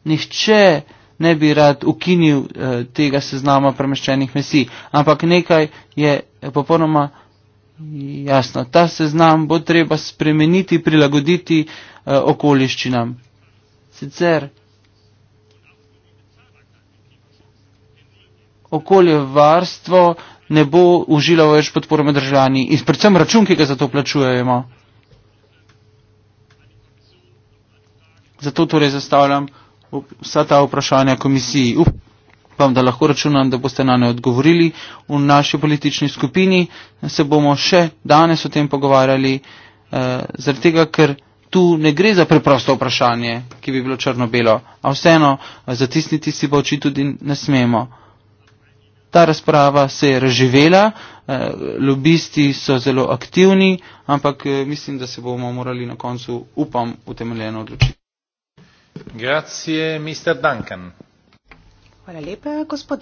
nihče ne bi rad ukinil eh, tega seznama premeščenih mesij, ampak nekaj je popolnoma jasno. Ta seznam bo treba spremeniti, prilagoditi eh, okoliščinam. Sicer okoljevarstvo ne bo užilo več podporo med državljani in predvsem račun, ki ga za to plačujemo. Zato torej zastavljam vsa ta vprašanja komisiji. Upam, da lahko računam, da boste na ne odgovorili. V naši politični skupini se bomo še danes o tem pogovarjali, eh, zaradi tega, ker tu ne gre za preprosto vprašanje, ki bi bilo črno-belo, a vseeno eh, zatisniti si pa oči tudi ne smemo. Ta razprava se je razživela, eh, lobisti so zelo aktivni, ampak eh, mislim, da se bomo morali na koncu, upam, utemeljeno odločiti hvala lepa gospod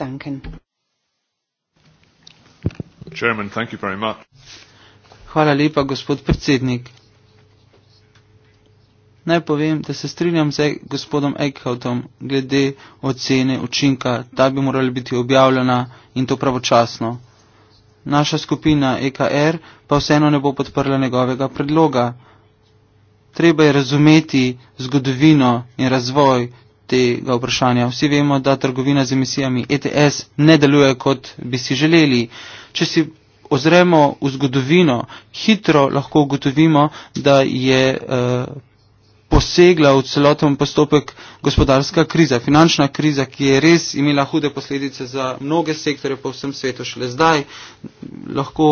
predsednik naj povem da se strinjam z gospodom Eckhoutom glede ocene učinka da bi morala biti objavljena in to pravočasno naša skupina EKR pa vseeno ne bo podprla njegovega predloga treba je razumeti zgodovino in razvoj tega vprašanja. Vsi vemo, da trgovina z emisijami ETS ne deluje, kot bi si želeli. Če si ozremo v zgodovino, hitro lahko ugotovimo, da je. Uh, posegla v celoten postopek gospodarska kriza, finančna kriza, ki je res imela hude posledice za mnoge sektore po vsem svetu. Šele zdaj lahko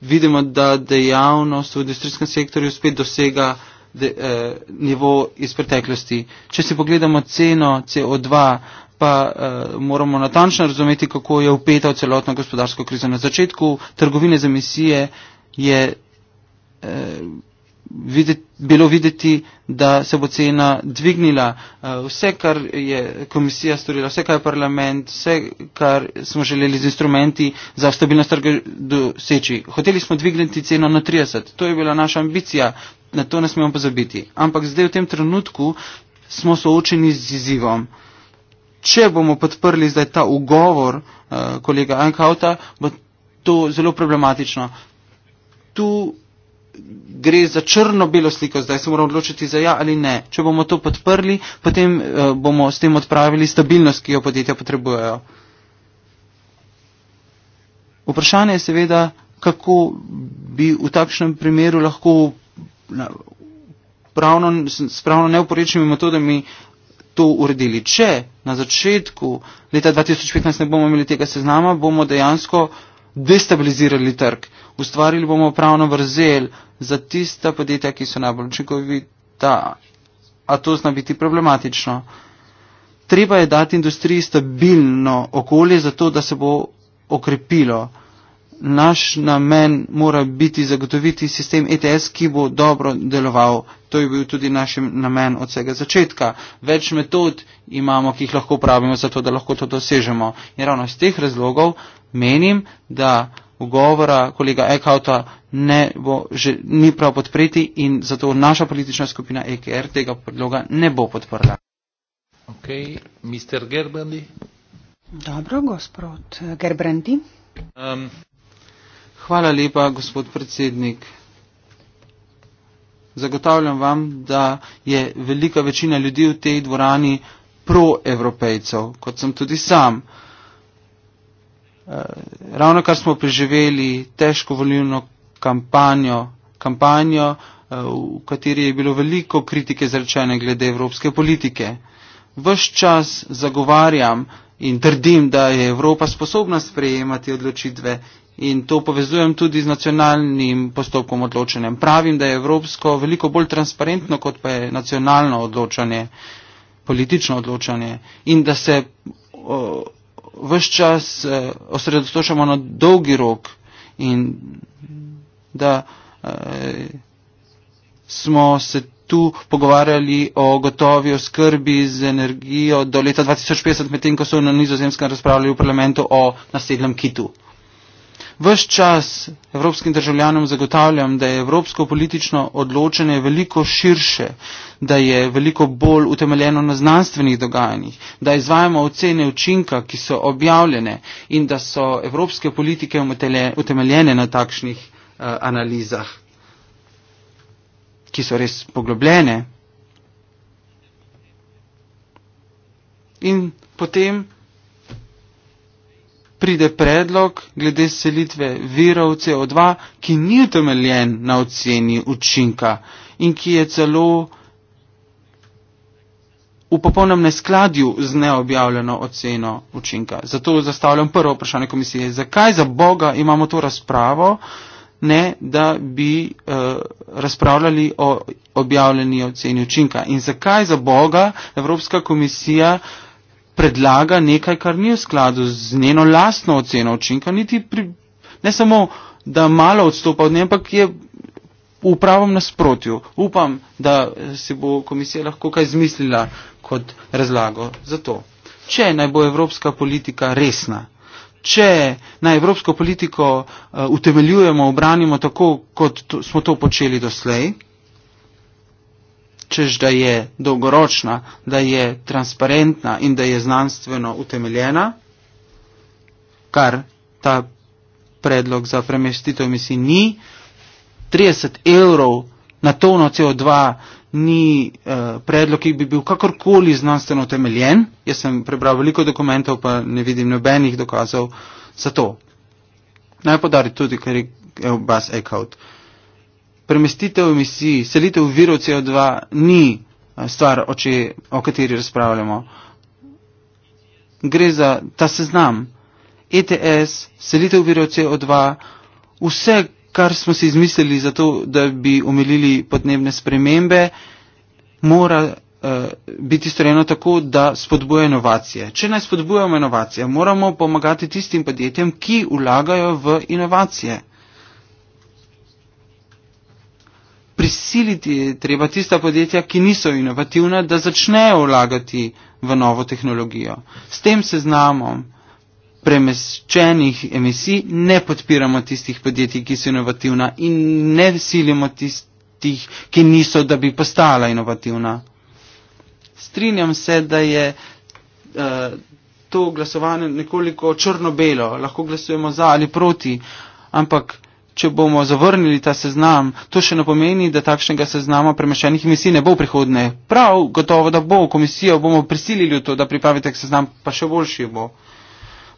vidimo, da dejavnost v industrijskem sektorju spet dosega de, eh, nivo iz preteklosti. Če si pogledamo ceno CO2, pa eh, moramo natančno razumeti, kako je upeta v celotno gospodarsko krizo. Na začetku trgovine za emisije je. Eh, videti, bilo videti, da se bo cena dvignila. Eh, vse, kar je komisija storila, vse, kar je parlament, vse, kar smo želeli z instrumenti za stabilnost trga doseči. Hoteli smo dvigniti ceno na 30. To je bila naša ambicija. Na to ne smemo pozabiti. Ampak zdaj v tem trenutku smo soočeni z izzivom. Če bomo podprli zdaj ta ugovor uh, kolega Ankauta, bo to zelo problematično. Tu gre za črno-belo sliko, zdaj se moramo odločiti za ja ali ne. Če bomo to podprli, potem eh, bomo s tem odpravili stabilnost, ki jo podjetja potrebujejo. Vprašanje je seveda, kako bi v takšnem primeru lahko pravno, s pravno neuporečnimi metodami to uredili. Če na začetku leta 2015 ne bomo imeli tega seznama, bomo dejansko destabilizirali trg ustvarili bomo pravno vrzel za tista podjetja, ki so najbolj učinkovita, a to zna biti problematično. Treba je dati industriji stabilno okolje za to, da se bo okrepilo. Naš namen mora biti zagotoviti sistem ETS, ki bo dobro deloval. To je bil tudi naš namen od vsega začetka. Več metod imamo, ki jih lahko uporabimo za to, da lahko to dosežemo. In ravno iz teh razlogov menim, da ugovora kolega Eckhouta ne bo že, ni prav podpreti in zato naša politična skupina EKR tega predloga ne bo podprla. Ok, mister Gerbrandi. Dobro, gospod Gerbrandi. Um, hvala lepa, gospod predsednik. Zagotavljam vam, da je velika večina ljudi v tej dvorani proevropejcev, kot sem tudi sam. Uh, Eh, ravno kar smo preživeli težko volilno kampanjo, kampanjo, eh, v kateri je bilo veliko kritike zrečene glede evropske politike. Vš čas zagovarjam in trdim, da je Evropa sposobna sprejemati odločitve in to povezujem tudi z nacionalnim postopkom odločenjem. Pravim, da je evropsko veliko bolj transparentno, kot pa je nacionalno odločanje, politično odločanje in da se. O, vse čas eh, osredotočamo na dolgi rok in da eh, smo se tu pogovarjali o gotovi oskrbi z energijo do leta 2050, medtem ko so na nizozemskem razpravljali v parlamentu o naslednjem kitu. Ves čas evropskim državljanom zagotavljam, da je evropsko politično odločanje veliko širše, da je veliko bolj utemeljeno na znanstvenih dogajanjih, da izvajamo ocene učinka, ki so objavljene in da so evropske politike utemeljene na takšnih uh, analizah, ki so res poglobljene. In potem pride predlog glede selitve vira v CO2, ki ni utemeljen na oceni učinka in ki je celo v popolnem neskladju z neobjavljeno oceno učinka. Zato zastavljam prvo vprašanje komisije, zakaj za Boga imamo to razpravo, ne da bi uh, razpravljali o objavljeni oceni učinka in zakaj za Boga Evropska komisija uh, predlaga nekaj, kar ni v skladu z njeno lastno oceno učinka, niti pri, ne samo, da malo odstopa od nje, ampak je v pravem nasprotju. Upam, da si bo komisija lahko kaj zmislila kot razlago za to. Če naj bo evropska politika resna, če naj evropsko politiko uh, utemeljujemo, obranimo tako, kot to, smo to počeli doslej, čež da je dolgoročna, da je transparentna in da je znanstveno utemeljena, kar ta predlog za premestitev emisij ni. 30 evrov na tono CO2 ni eh, predlog, ki bi bil kakorkoli znanstveno utemeljen. Jaz sem prebral veliko dokumentov, pa ne vidim nobenih dokazov za to. Naj podarim tudi, ker je bas ekaut. Eh, premestitev emisij, selitev virov CO2 ni eh, stvar, o, če, o kateri razpravljamo. Gre za ta seznam. ETS, selitev virov CO2, vse, kar smo si izmislili za to, da bi omilili podnebne spremembe, mora eh, biti storjeno tako, da spodbuja inovacije. Če naj spodbujamo inovacije, moramo pomagati tistim podjetjem, ki vlagajo v inovacije. prisiliti treba tista podjetja, ki niso inovativna, da začnejo vlagati v novo tehnologijo. S tem seznamom premeščenih emisij ne podpiramo tistih podjetij, ki so inovativna in ne silimo tistih, ki niso, da bi postala inovativna. Strinjam se, da je uh, to glasovanje nekoliko črno-belo, lahko glasujemo za ali proti, ampak če bomo zavrnili ta seznam, to še ne pomeni, da takšnega seznama premešenih emisij ne bo prihodne. Prav gotovo, da bo komisijo, bomo prisilili v to, da pripravite seznam, pa še boljši bo.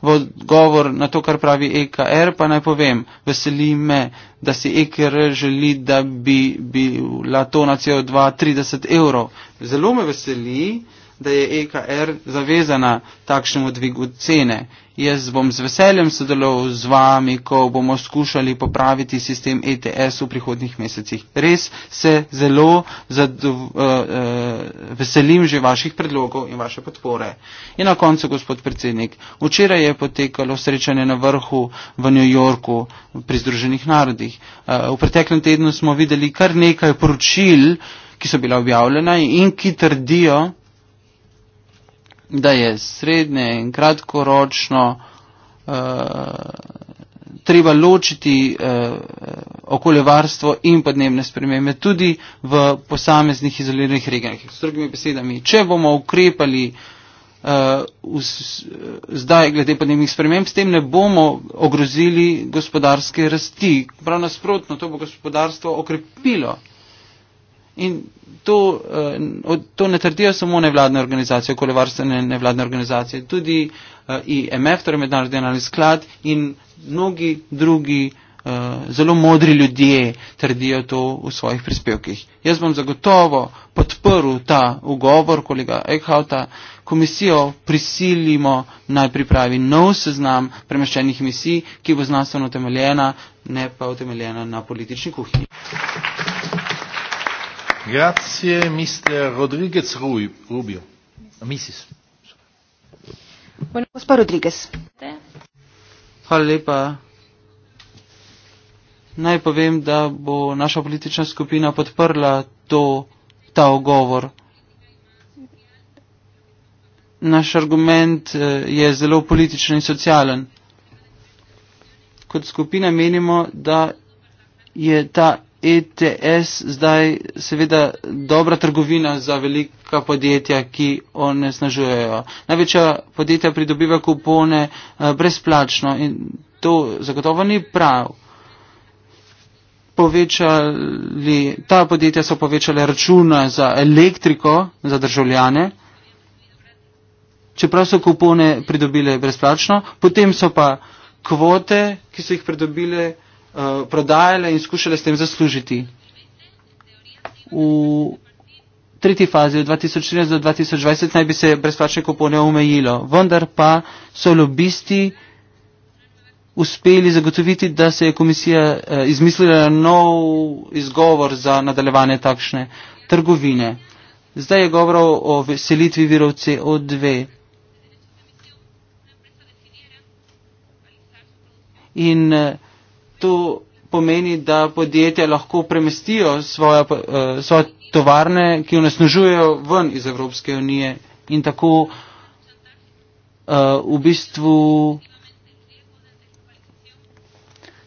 V odgovor na to, kar pravi EKR, pa naj povem, veseli me, da si EKR želi, da bi bila tona CO2 30 evrov. Zelo me veseli, da je EKR zavezana takšnemu dvigu cene. Jaz bom z veseljem sodeloval z vami, ko bomo skušali popraviti sistem ETS v prihodnih mesecih. Res se zelo eh, eh, veselim že vaših predlogov in vaše podpore. In na koncu, gospod predsednik, včeraj je potekalo srečanje na vrhu v New Yorku pri Združenih narodih. Eh, v preteklem tednu smo videli kar nekaj poročil, ki so bila objavljena in ki trdijo, da je srednje in kratkoročno uh, treba ločiti uh, okoljevarstvo in podnebne spremembe tudi v posameznih izoliranih regijah. S drugimi besedami, če bomo ukrepali uh, eh, vz, zdaj glede podnebnih sprememb, s tem ne bomo ogrozili gospodarske rasti. Prav nasprotno, to bo gospodarstvo okrepilo. In to, eh, to ne trdijo samo nevladne organizacije, okoljevarstvene nevladne organizacije, tudi eh, IMF, torej Mednarodni denarni sklad in mnogi drugi eh, zelo modri ljudje trdijo to v svojih prispevkih. Jaz bom zagotovo podprl ta ugovor kolega Eckhauta, komisijo prisilimo naj pripravi nov seznam premeščenih misij, ki bo znanstveno temeljena, ne pa utemeljena na politični kuhinji. Grazie, Mr. Rodriguez Rubio. Mrs. Bueno, gospod Rodriguez. Hvala lepa. Naj povem, da bo naša politična skupina podprla to, ta ogovor. Naš argument eh, je zelo političen in socialen. Kot skupina menimo, da je ta ETS zdaj seveda dobra trgovina za velika podjetja, ki onesnažujejo. Največja podjetja pridobiva kupone eh, brezplačno in to zagotovo ni prav. Povečali, ta podjetja so povečale račune za elektriko za državljane, čeprav so kupone pridobile brezplačno, potem so pa kvote, ki so jih pridobile. Eh, prodajale in skušale s tem zaslužiti. V tretji fazi od 2013 do 2020 naj bi se brezplačne kupone omejilo, vendar pa so lobisti uspeli zagotoviti, da se je komisija eh, izmislila nov izgovor za nadaljevanje takšne trgovine. Zdaj je govor o selitvi virov CO2. In eh, to pomeni, da podjetja lahko premestijo svoje, eh, svoje tovarne, ki onesnažujejo ven iz Evropske unije in tako eh, v bistvu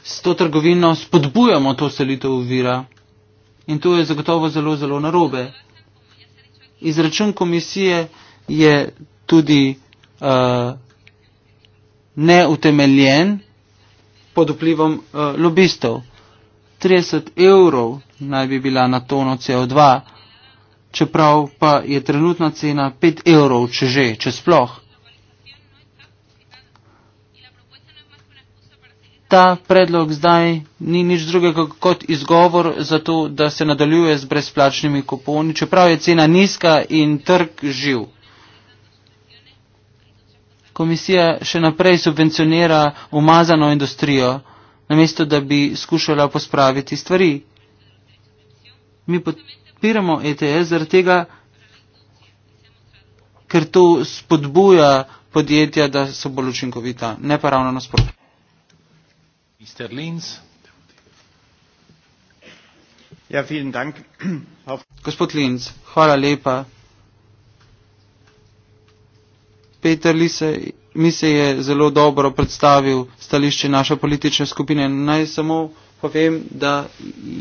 s to trgovino spodbujamo to selitev vira. In to je zagotovo zelo, zelo narobe. Izračun komisije je tudi uh, neutemeljen pod vplivom uh, lobistov. 30 evrov naj bi bila na tono CO2, čeprav pa je trenutna cena 5 evrov, če že, če sploh. Ta predlog zdaj ni nič drugega kot izgovor za to, da se nadaljuje z brezplačnimi kuponi, čeprav je cena nizka in trg živ komisija še naprej subvencionira umazano industrijo, namesto da bi skušala pospraviti stvari. Mi podpiramo ETS zaradi tega, ker to spodbuja podjetja, da so bolj učinkovita, ne pa ravno nasprotno. Ja, Gospod Linz, hvala lepa. Peter Lise mi se je zelo dobro predstavil stališče naše politične skupine. Naj samo povem, da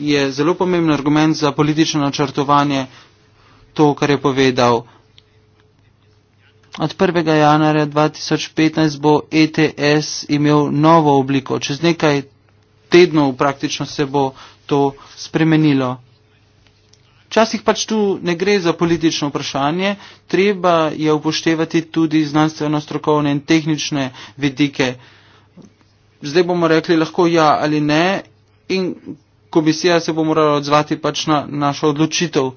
je zelo pomemben argument za politično načrtovanje to, kar je povedal. Od 1. januarja 2015 bo ETS imel novo obliko. Čez nekaj tednov praktično se bo to spremenilo. Včasih pač tu ne gre za politično vprašanje, treba je upoštevati tudi znanstveno strokovne in tehnične vidike. Zdaj bomo rekli lahko ja ali ne in komisija se bo morala odzvati pač na našo odločitev.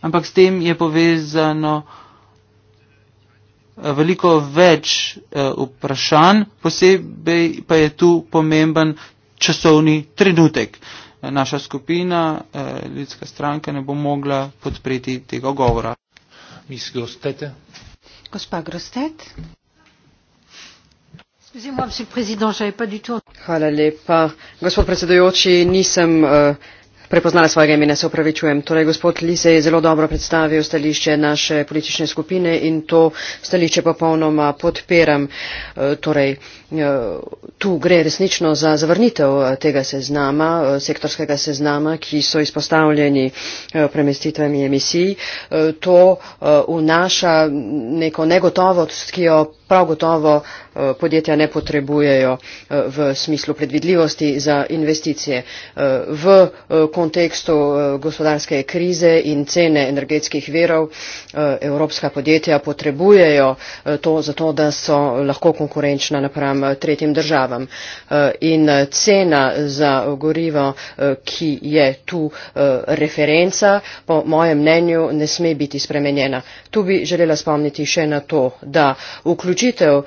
Ampak s tem je povezano eh, veliko več eh, vprašanj, posebej pa je tu pomemben časovni trenutek naša skupina, eh, ljudska stranka, ne bo mogla podpreti tega govora. Misli ostete? Gospa Grostet. Hvala lepa. Gospod predsedujoči, nisem. Uh, prepoznala svojega imena se opravičujem torej gospod lise je zelo dobro predstavil stališče naše politične skupine in to stališče popolnoma podpiram e, torej e, tu gre resnično za zavrnitev tega seznama e, sektorskega seznama ki so izpostavljeni premestitvami emisij to vnaša neko negotovost ki jo prav gotovo Eh, podjetja ne potrebujejo eh, v smislu predvidljivosti za investicije. Eh, v kontekstu gospodarske krize in cene energetskih verov evropska podjetja potrebujejo to zato, da so lahko konkurenčna napram tretjim državam. In cena za gorivo, ki je tu referenca, po mojem mnenju ne sme biti spremenjena. Tu bi želela spomniti še na to, da vključitev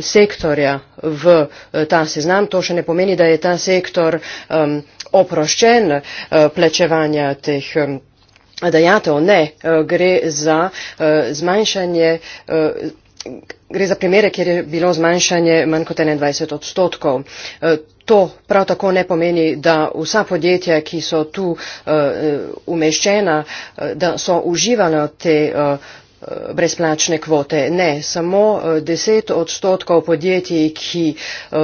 sektorja v eh, ta seznam to še ne pomeni da je ta sektor um, oproščen uh, plačevanja teh um, dajatev ne eh, gre za uh, zmanjšanje uh, Gre za primere, kjer je bilo zmanjšanje manj kot 21 odstotkov. To prav tako ne pomeni, da vsa podjetja, ki so tu uh, umeščena, da so uživala te uh, Eh, brezplačne kvote ne samo eh, deset odstotkov podjetij ki eh,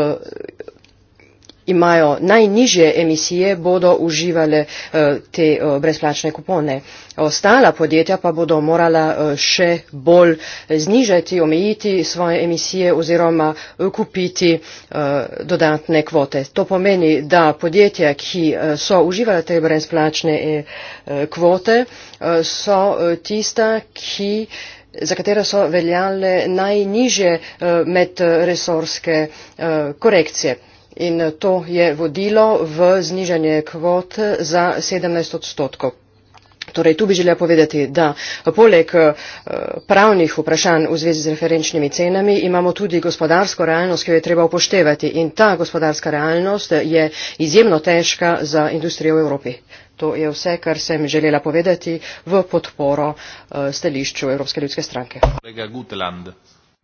imajo najnižje emisije bodo uživale eh, te eh, brezplačne kupone. Ostala podjetja pa bodo morala eh, še bolj znižati, omejiti svoje emisije oziroma kupiti dodatne kvote. To pomeni, da podjetja, ki so uživala te brezplačne kvote, so tista, ki za katera so veljale najniže medresorske korekcije in eh, to je vodilo v znižanje kvot za 17 odstotkov. Torej, tu bi želela povedati, da eh, poleg eh, pravnih vprašanj v zvezi z referenčnimi cenami imamo tudi gospodarsko realnost, ki jo je treba upoštevati in ta gospodarska realnost je izjemno težka za industrijo v Evropi. To je vse, kar sem želela povedati v podporo stališču Evropske ljudske stranke.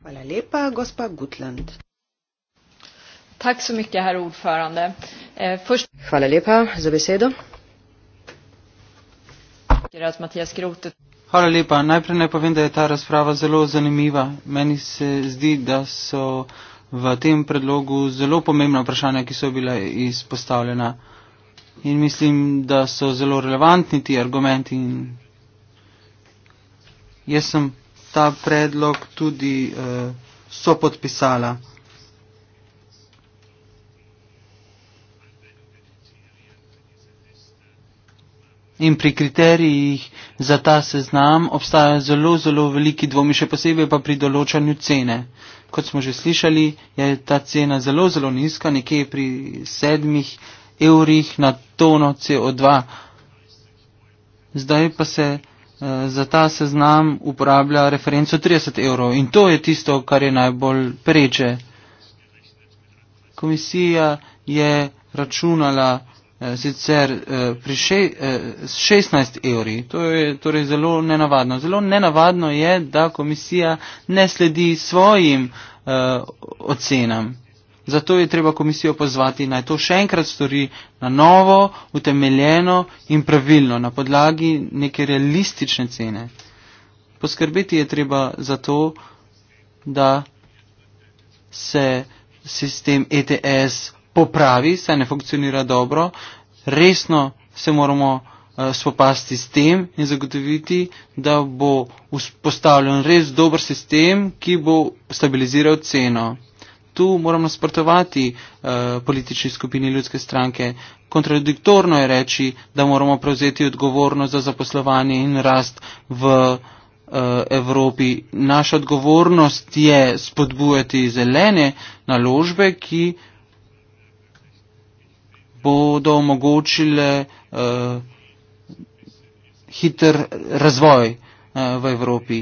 Hvala lepa, gospa Gutland. Eh, Hvala lepa za besedo. Hvala lepa. Najprej naj povem, da je ta razprava zelo zanimiva. Meni se zdi, da so v tem predlogu zelo pomembna vprašanja, ki so bila izpostavljena. In mislim, da so zelo relevantni ti argumenti. In jaz sem ta predlog tudi uh, sopodpisala. in pri kriterijih za ta seznam obstajajo zelo, zelo veliki dvomi, še posebej pa pri določanju cene. Kot smo že slišali, je ta cena zelo, zelo nizka, nekje pri sedmih evrih na tono CO2. Zdaj pa se eh, za ta seznam uporablja referenco 30 evrov in to je tisto, kar je najbolj preče. Komisija je računala Eh, sicer eh, pri še, 16 eh, evri. To je torej zelo nenavadno. Zelo nenavadno je, da komisija ne sledi svojim uh, ocenam. Zato je treba komisijo pozvati, naj to še enkrat stori na novo, utemeljeno in pravilno, na podlagi neke realistične cene. Poskrbeti je treba za to, da se sistem ETS popravi, saj ne funkcionira dobro, resno se moramo eh, spopasti s tem in zagotoviti, da bo vzpostavljen res dober sistem, ki bo stabiliziral ceno. Tu moram nasprotovati uh, politični skupini ljudske stranke. Kontradiktorno je reči, da moramo prevzeti odgovornost za zaposlovanje in rast v uh, Evropi. Naša odgovornost je spodbujati zelene naložbe, ki bodo omogočile uh, hiter razvoj uh, v Evropi.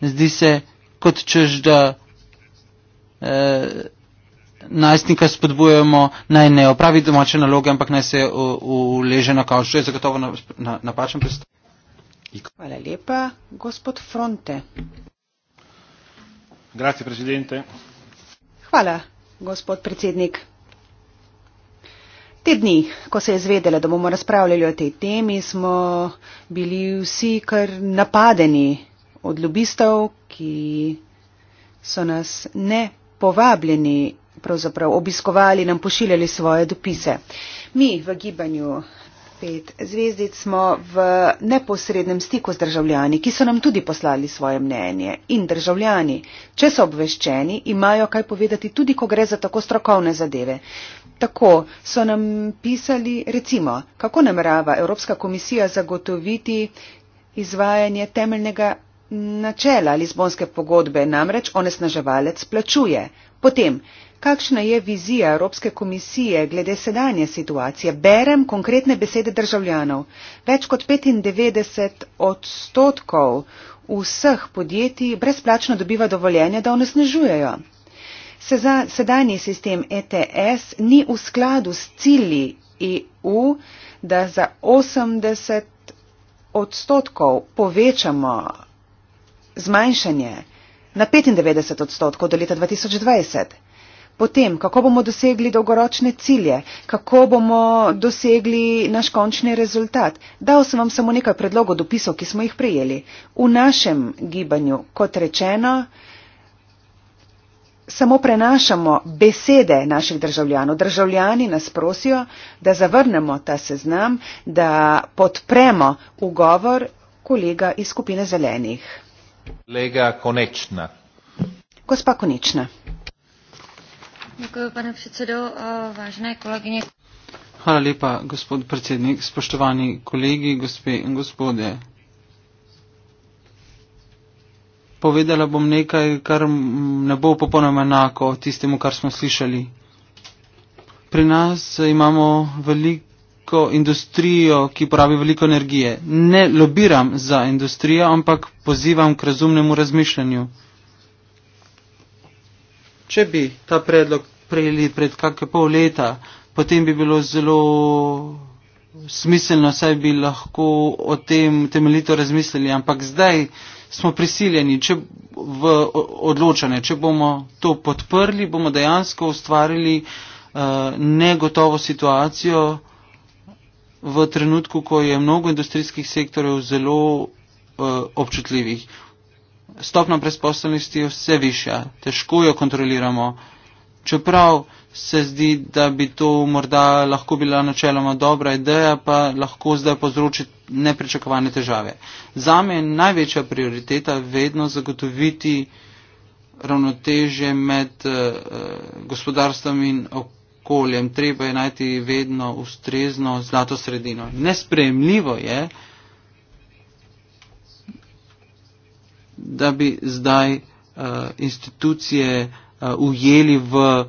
Zdi se, kot čež, da uh, najstnika spodbujemo, naj ne opravi domače naloge, ampak naj se uleže na kavč. To je zagotovo napačen na, na pristop. Hvala lepa, gospod Fronte. Grazie, Hvala, gospod predsednik. Te dni, ko se je zvedela, da bomo razpravljali o tej temi, smo bili vsi kar napadeni od lobistov, ki so nas ne povabljeni, pravzaprav obiskovali, nam pošiljali svoje dopise. Mi v gibanju pet zvezdic smo v neposrednem stiku z državljani, ki so nam tudi poslali svoje mnenje. In državljani, če so obveščeni, imajo kaj povedati tudi, ko gre za tako strokovne zadeve. Tako so nam pisali, recimo, kako namerava Evropska komisija zagotoviti izvajanje temeljnega načela Lizbonske pogodbe, namreč onesnaževalec plačuje. Potem, kakšna je vizija Evropske komisije glede sedanje situacije? Berem konkretne besede državljanov. Več kot 95 odstotkov vseh podjetij brezplačno dobiva dovoljenje, da onesnežujejo se za sedanji sistem ETS ni v skladu s cilji EU, da za 80 odstotkov povečamo zmanjšanje na 95 odstotkov do leta 2020. Potem, kako bomo dosegli dolgoročne cilje, kako bomo dosegli naš končni rezultat. Dal sem vam samo nekaj predlogov dopisov, ki smo jih prejeli. V našem gibanju, kot rečeno, samo prenašamo besede naših državljanov. Državljani nas prosijo, da zavrnemo ta seznam, da podpremo ugovor kolega iz skupine zelenih. Lega konečna. Gospa konečna. Hvala lepa, gospod predsednik, spoštovani kolegi, gospe in gospode. povedala bom nekaj, kar ne bo popolnoma enako tistemu, kar smo slišali. Pri nas imamo veliko industrijo, ki porabi veliko energije. Ne lobiram za industrijo, ampak pozivam k razumnemu razmišljanju. Če bi ta predlog prejeli pred kakšne pol leta, potem bi bilo zelo smiselno, saj bi lahko o tem temeljito razmislili, ampak zdaj smo prisiljeni če, v odločanje. Če bomo to podprli, bomo dejansko ustvarili uh, negotovo situacijo v trenutku, ko je mnogo industrijskih sektorjev zelo uh, občutljivih. Stopna presposobnosti je vse višja, težko jo kontroliramo. Čeprav se zdi, da bi to morda lahko bila načeloma dobra ideja, pa lahko zdaj povzroči nepričakovane težave. Zame je največja prioriteta vedno zagotoviti ravnoteže med uh, gospodarstvom in okoljem. Treba je najti vedno ustrezno zlato sredino. Nespremljivo je, da bi zdaj uh, institucije uh, ujeli v uh,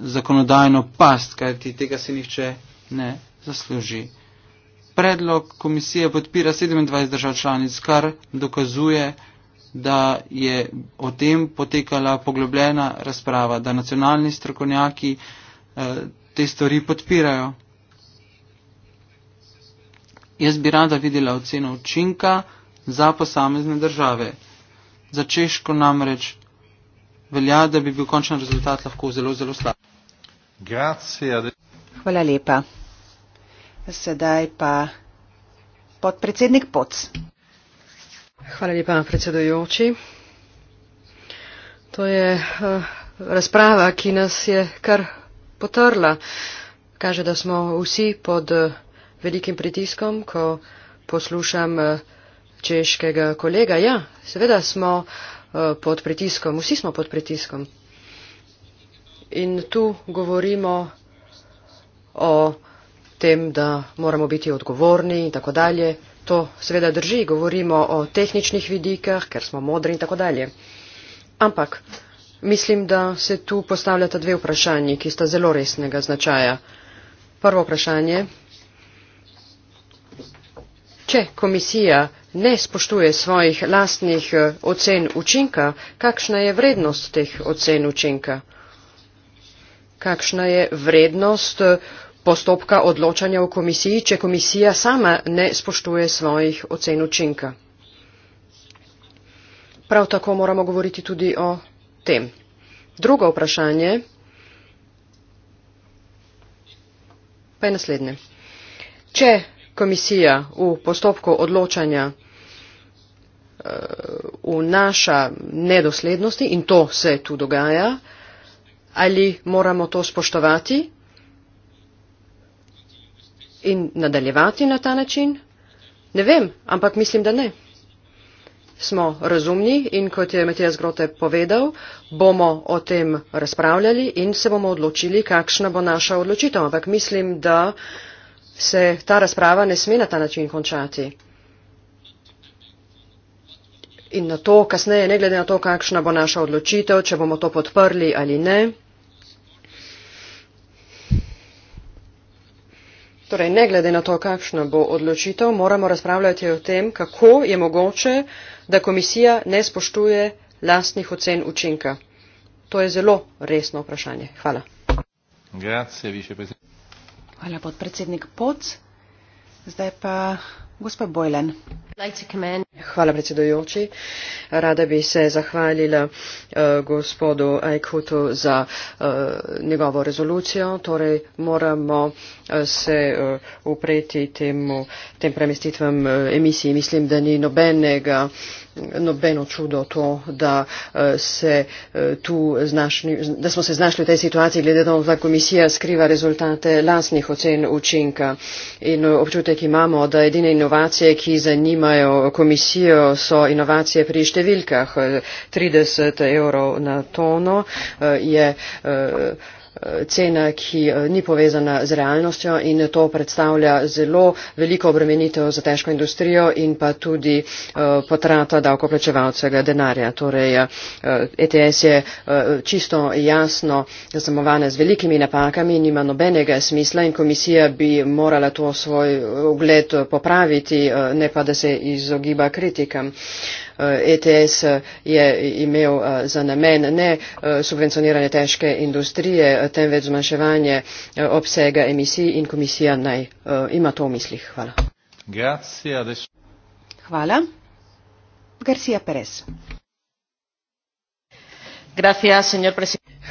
zakonodajno past, kajti tega si nihče ne zasluži predlog komisije podpira 27 držav članic, kar dokazuje, da je o tem potekala poglobljena razprava, da nacionalni strokovnjaki eh, te stvari podpirajo. Jaz bi rada videla oceno učinka za posamezne države. Za Češko namreč velja, da bi bil končen rezultat lahko zelo, zelo slab. Hvala lepa. Sedaj pa podpredsednik Poc. Hvala lepa, predsedujoči. To je uh, razprava, ki nas je kar potrla. Kaže, da smo vsi pod uh, velikim pritiskom, ko poslušam uh, češkega kolega. Ja, seveda smo uh, pod pritiskom, vsi smo pod pritiskom. In tu govorimo o tem, da moramo biti odgovorni in tako dalje. To seveda drži, govorimo o tehničnih vidikah, ker smo modri in tako dalje. Ampak mislim, da se tu postavljata dve vprašanji, ki sta zelo resnega značaja. Prvo vprašanje. Če komisija ne spoštuje svojih lastnih eh, ocen učinka, kakšna je vrednost teh ocen učinka? Kakšna je vrednost uh, postopka odločanja v komisiji, če komisija sama ne spoštuje svojih ocen učinka. Prav tako moramo govoriti tudi o tem. Drugo vprašanje pa je naslednje. Če komisija v postopku odločanja eh, vnaša nedoslednosti in to se tu dogaja, ali moramo to spoštovati in nadaljevati na ta način? Ne vem, ampak mislim, da ne. Smo razumni in kot je Matijas Grote povedal, bomo o tem razpravljali in se bomo odločili, kakšna bo naša odločitev. Ampak mislim, da se ta razprava ne sme na ta način končati. In na to, kasneje, ne glede na to, kakšna bo naša odločitev, če bomo to podprli ali ne. Torej, ne glede na to, kakšna bo odločitev, moramo razpravljati o tem, kako je mogoče, da komisija ne spoštuje lastnih ocen učinka. To je zelo resno vprašanje. Hvala. Grazie, Hvala podpredsednik Poc. Zdaj pa Rada bi se zahvalila uh, gospodu Aikutu za uh, njegovo rezolucijo. Torej, moramo uh, se uh, upreti temu, tem premestitvam uh, emisij. Mislim, da ni nobenega uh, nobeno čudo to, da, eh, se, eh, znašli, da smo se znašli v tej situaciji, glede na to, da komisija skriva rezultate lastnih ocen učinka. In eh, občutek imamo, da edine inovacije, ki zanimajo komisijo, so inovacije pri številkah. 30 evrov na tono je cene ki eh, ni povezana z realnostjo in to predstavlja zelo veliko obremenitev za težko industrijo in pa tudi eh, potrata davkoplačevalcega denarja. Torej, ETS eh, e je čisto jasno zaznamovana z velikimi napakami in nima nobenega smisla in komisija bi morala to svoj ugled popraviti, ne pa da se izogiba kritikam ets eh, e eh, je imel eh, za namen ne subvencioniranje težke industrije, temveč zmanjševanje obsega emisij in komisija naj ima to v mislih. Hvala. Hvala. Garcia Perez.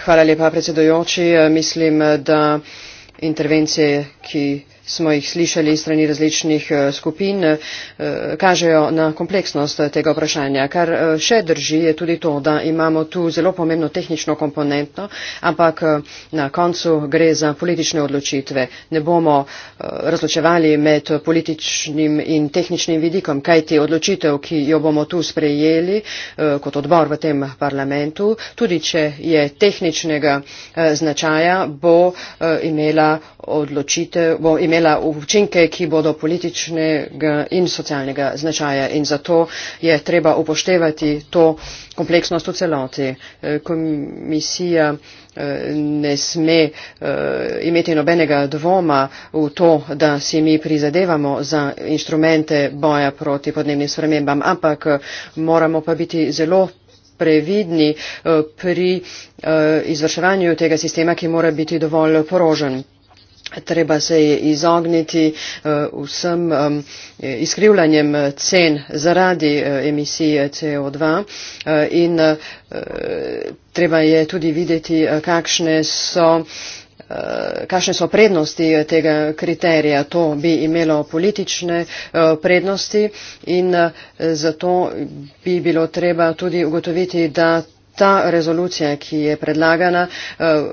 Hvala lepa, predsedujoči. Mislim, da intervencije, ki smo jih slišali strani različnih eh, skupin, eh, kažejo na kompleksnost eh, tega vprašanja. Kar še drži je tudi to, da imamo tu zelo pomembno tehnično komponento, ampak na koncu gre za politične odločitve. Ne bomo razločevali med političnim in tehničnim vidikom, kaj ti odločitev, ki jo bomo tu sprejeli kot odbor v tem parlamentu, tudi če je tehničnega značaja, bo imela odločitev. Bo imela imela učinke, ki bodo političnega in socialnega značaja. In zato je treba upoštevati to kompleksnost v celoti. E, komisija e, ne sme e, imeti nobenega dvoma v to, da si mi prizadevamo za inštrumente boja proti podnebnim spremembam, ampak moramo pa biti zelo previdni pri izvrševanju tega sistema, ki mora biti dovolj porožen. Treba se je izogniti eh, vsem izkrivljanjem cen zaradi eh, emisije eh, CO2 in treba je tudi videti, kakšne so kakšne so prednosti tega kriterija. To bi imelo politične prednosti in zato bi bilo treba tudi ugotoviti, da ta rezolucija, ki je predlagana, eh,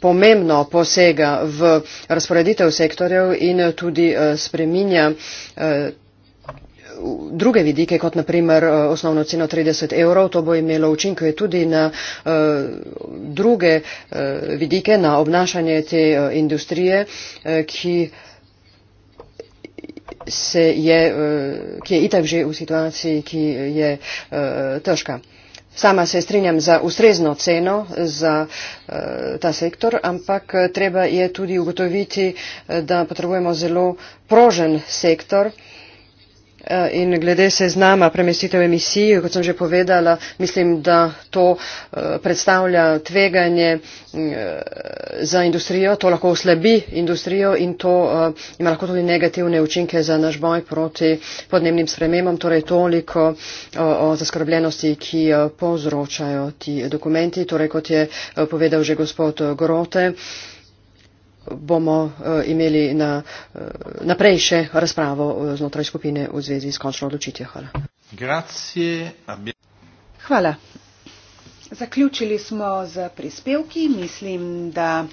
pomembno posega v razporeditev sektorjev in tudi eh, spreminja eh, druge vidike, kot naprimer osnovno ceno 30 evrov. To bo imelo učinke tudi na druge vidike, na obnašanje te industrije, ki se je, ki je itak že v situaciji, ki je težka. Sama se strinjam za ustrezno ceno za eh, ta sektor, ampak eh, treba je tudi ugotoviti, eh, da potrebujemo zelo prožen sektor. In glede se znama premestitev emisij, kot sem že povedala, mislim, da to predstavlja tveganje za industrijo, to lahko oslabi industrijo in to uh, ima lahko tudi negativne učinke za naš boj proti podnebnim spremembam, torej toliko uh, o zaskrbljenosti, ki uh, povzročajo ti dokumenti, torej kot je uh, povedal že gospod Grote bomo uh, imeli na, uh, naprej še razpravo znotraj skupine v zvezi s končno odločitvijo. Hvala. Grazie, Hvala. Zaključili smo z prispevki. Mislim, da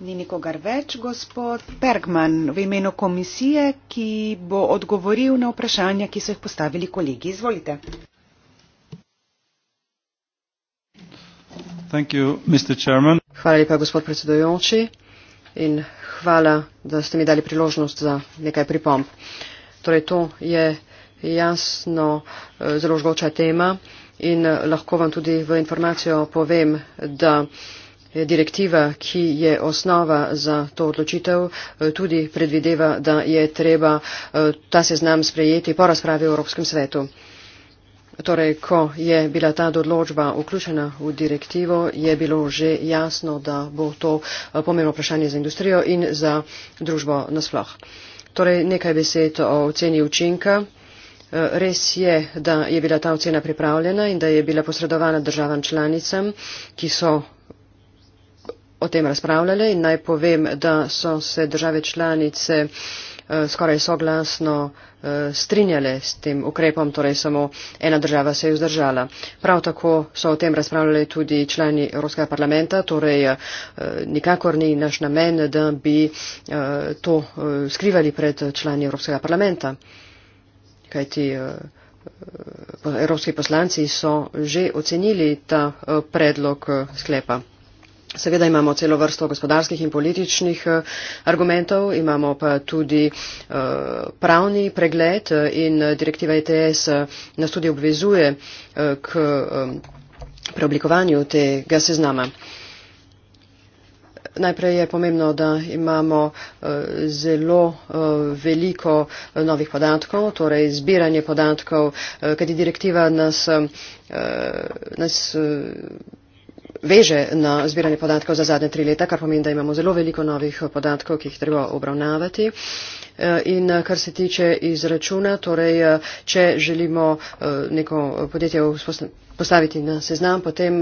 ni nikogar več. Gospod Bergman, v imenu komisije, ki bo odgovoril na vprašanja, ki so jih postavili kolegi. Izvolite. You, hvala lepa, gospod predsedujoči, in hvala, da ste mi dali priložnost za nekaj pripomp. Torej, to je jasno eh, zelo žgoča tema in eh, lahko vam tudi v informacijo povem, da direktiva, ki je osnova za to odločitev, eh, tudi predvideva, da je treba eh, ta seznam sprejeti po razpravi v Evropskem svetu. Torej, ko je bila ta odločba vključena v direktivo, je bilo že jasno, da bo to pomembno vprašanje za industrijo in za družbo nasploh. Torej, nekaj besed o ceni učinka res je da je bila ta ocena pripravljena in da je bila posredovana državam članicam ki so o tem razpravljale in naj povem da so se države članice eh, skoraj soglasno eh, strinjale s tem ukrepom, torej samo ena država se je vzdržala. Prav tako so o tem razpravljali tudi člani Evropskega parlamenta, torej eh, nikakor ni naš namen, da bi to skrivali pred člani Evropskega parlamenta kajti eh, evropski poslanci so že ocenili ta eh, predlog eh, sklepa. Seveda imamo celo vrsto gospodarskih in političnih argumentov, imamo pa tudi pravni pregled in direktiva ETS nas tudi obvezuje k preoblikovanju tega seznama. Najprej je pomembno, da imamo eh, zelo eh, veliko eh, novih podatkov, torej zbiranje podatkov, kajti direktiva nas, nas veže na zbiranje podatkov za zadnje tri leta, kar pomeni, da imamo zelo veliko novih podatkov, ki jih treba obravnavati. Eh, in eh, kar se tiče izračuna, torej, eh, če želimo neko podjetje postaviti na seznam, potem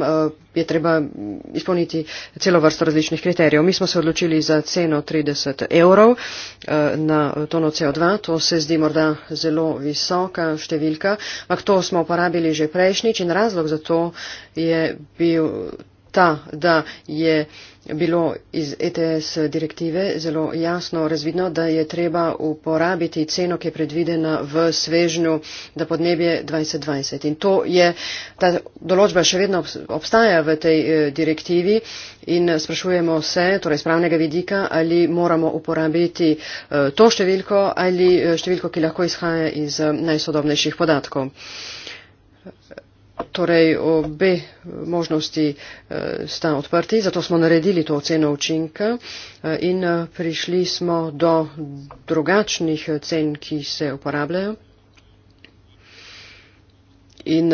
je treba izpolniti celo vrsto različnih kriterijev. Mi smo se odločili za ceno 30 evrov na tono CO2, to se zdi morda zelo visoka številka, ampak to smo uporabili že prejšnjič in razlog za to je bil ta, da je bilo iz ETS direktive zelo jasno razvidno, da je treba uporabiti ceno, ki je predvidena v svežnju, da podnebje 2020. In to je, ta določba še vedno obstaja v tej eh, direktivi in sprašujemo se, torej z pravnega vidika, ali moramo uporabiti eh, to številko ali eh, številko, ki lahko izhaja iz najsodobnejših podatkov torej obe možnosti eh, sta odprti, zato smo naredili to oceno učinka eh, in eh, prišli smo do drugačnih cen, ki se uporabljajo. In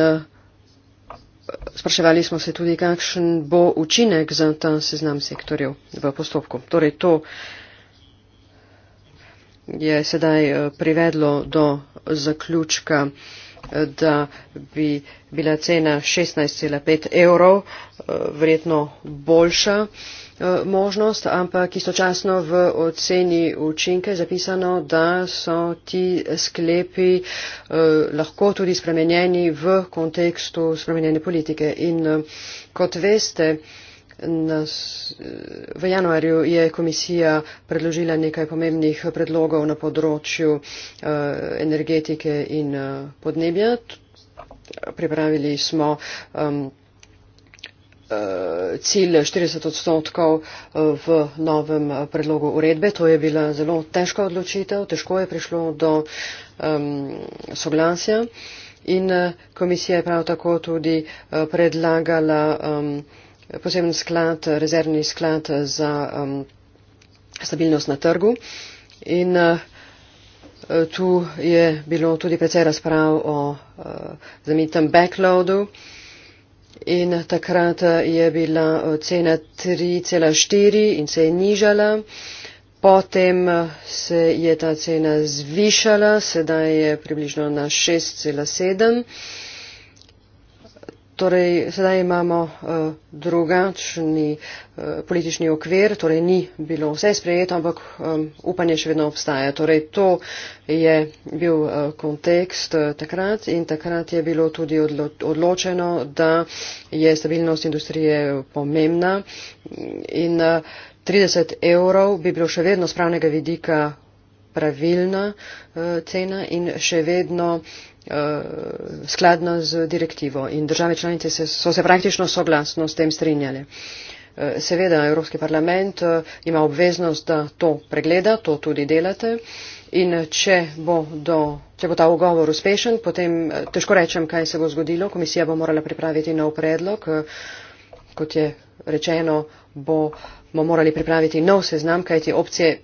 spraševali smo se tudi, kakšen bo učinek za ta seznam sektorjev v postopku. Torej, to je sedaj privedlo do zaključka da bi bila cena 16,5 evrov eh, verjetno boljša eh, možnost, ampak istočasno v oceni učinke je zapisano, da so ti sklepi eh, lahko tudi spremenjeni v kontekstu spremenjene politike. In kot veste, nas, v januarju je komisija predložila nekaj pomembnih predlogov na področju uh, energetike in uh, podnebja. Pripravili smo um, eh, cilj 40 odstotkov v novem predlogu uredbe. To je bila zelo težka odločitev, težko je prišlo do um, soglasja. In komisija je prav tako tudi predlagala um, poseben sklad, rezervni sklad za um, stabilnost na trgu. In uh, tu je bilo tudi precej razprav o uh, zamitem backloadu. In takrat uh, je bila uh, cena 3,4 in se je nižala. Potem uh, se je ta cena zvišala, sedaj je približno na 6,7. Torej, sedaj imamo uh, drugačni uh, politični okvir, torej ni bilo vse sprejeto, ampak um, upanje še vedno obstaja. Torej, to je bil uh, kontekst uh, takrat in takrat je bilo tudi odlo odločeno, da je stabilnost industrije pomembna in uh, 30 evrov bi bilo še vedno z pravnega vidika pravilna uh, cena in še vedno uh, uh, skladno z direktivo in države članice se, so se praktično soglasno s tem strinjale. Uh, seveda, Evropski parlament uh, ima obveznost, da to pregleda, to tudi delate in če bo, do, če bo ta ugovor uspešen, potem uh, težko rečem, kaj se bo zgodilo. Komisija bo morala pripraviti nov predlog. Uh, kot je rečeno, bomo morali pripraviti nov seznam, kajti opcije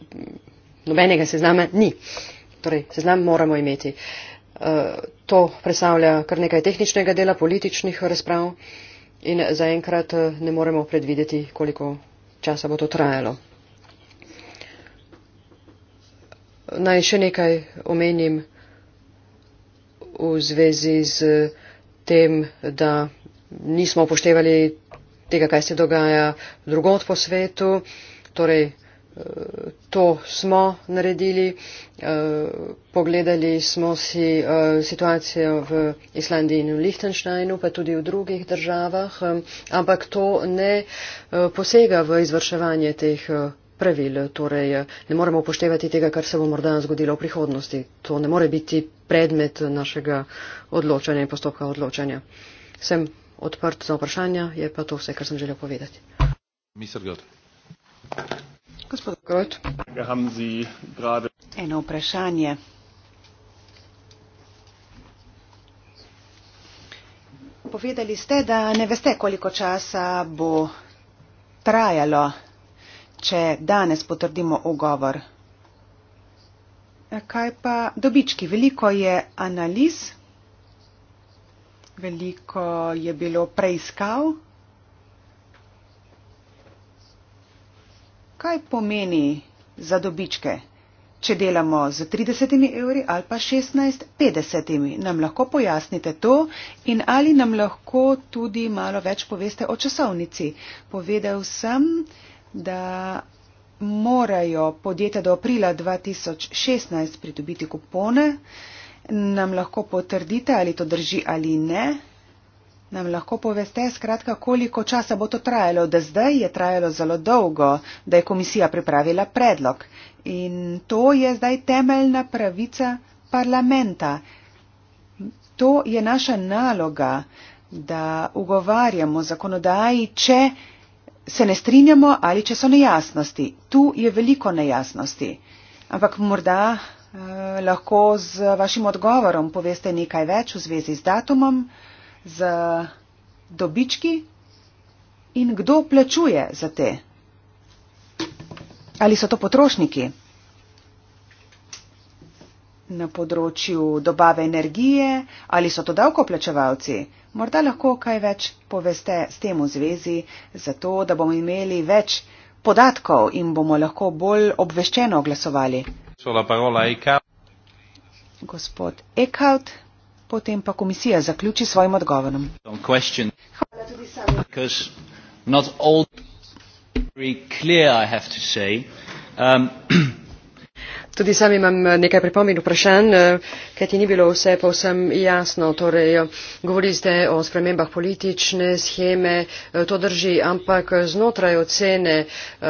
nobenega seznama ni. Torej, seznam moramo imeti. Uh, Eh, to predstavlja kar nekaj tehničnega dela političnih razprav in zaenkrat eh, ne moremo predvideti, koliko časa bo to trajalo. Naj še nekaj omenim v zvezi z tem, da nismo upoštevali tega, kaj se dogaja drugot po svetu, torej to smo naredili. Eh, pogledali smo si eh, situacijo v Islandiji in v Lihtenštajnu, pa tudi v drugih državah, eh, ampak to ne posega v izvrševanje teh pravil. Torej, ne moremo upoštevati tega, kar se bo morda zgodilo v prihodnosti. To ne more biti predmet našega odločanja in postopka odločanja. Sem odprt za vprašanja, je pa to vse, kar sem želel povedati. Mr. Gott. Gospod Kroč. Ja, Eno vprašanje. Povedali ste, da ne veste, koliko časa bo trajalo, če danes potrdimo ugovor. Kaj pa dobički? Veliko je analiz, veliko je bilo preiskav. kaj pomeni za dobičke, če delamo z 30 evri ali pa 16,50. Nam lahko pojasnite to in ali nam lahko tudi malo več poveste o časovnici. Povedal sem, da morajo podjetja do aprila 2016 pridobiti kupone. Nam lahko potrdite, ali to drži ali ne. Nam lahko poveste, skratka, koliko časa bo to trajalo? Da zdaj je trajalo zelo dolgo, da je komisija pripravila predlog. In to je zdaj temeljna pravica parlamenta. To je naša naloga, da ugovarjamo zakonodaji, če se ne strinjamo ali če so nejasnosti. Tu je veliko nejasnosti. Ampak morda eh, lahko z vašim odgovorom poveste nekaj več v zvezi z datumom z dobički in kdo plačuje za te? Ali so to potrošniki na področju dobave energije ali so to davkoplačevalci? Morda lahko kaj več poveste s tem v zvezi, zato da bomo imeli več podatkov in bomo lahko bolj obveščeno glasovali. Gospod Eckhout potem pa komisija zaključi svojim odgovorom. Um, tudi sam imam eh, nekaj pripomb in vprašanj, eh, ker ti ni bilo vse povsem jasno. Torej, eh, govori ste o spremembah politične scheme, to drži, ampak znotraj ocene. Uh,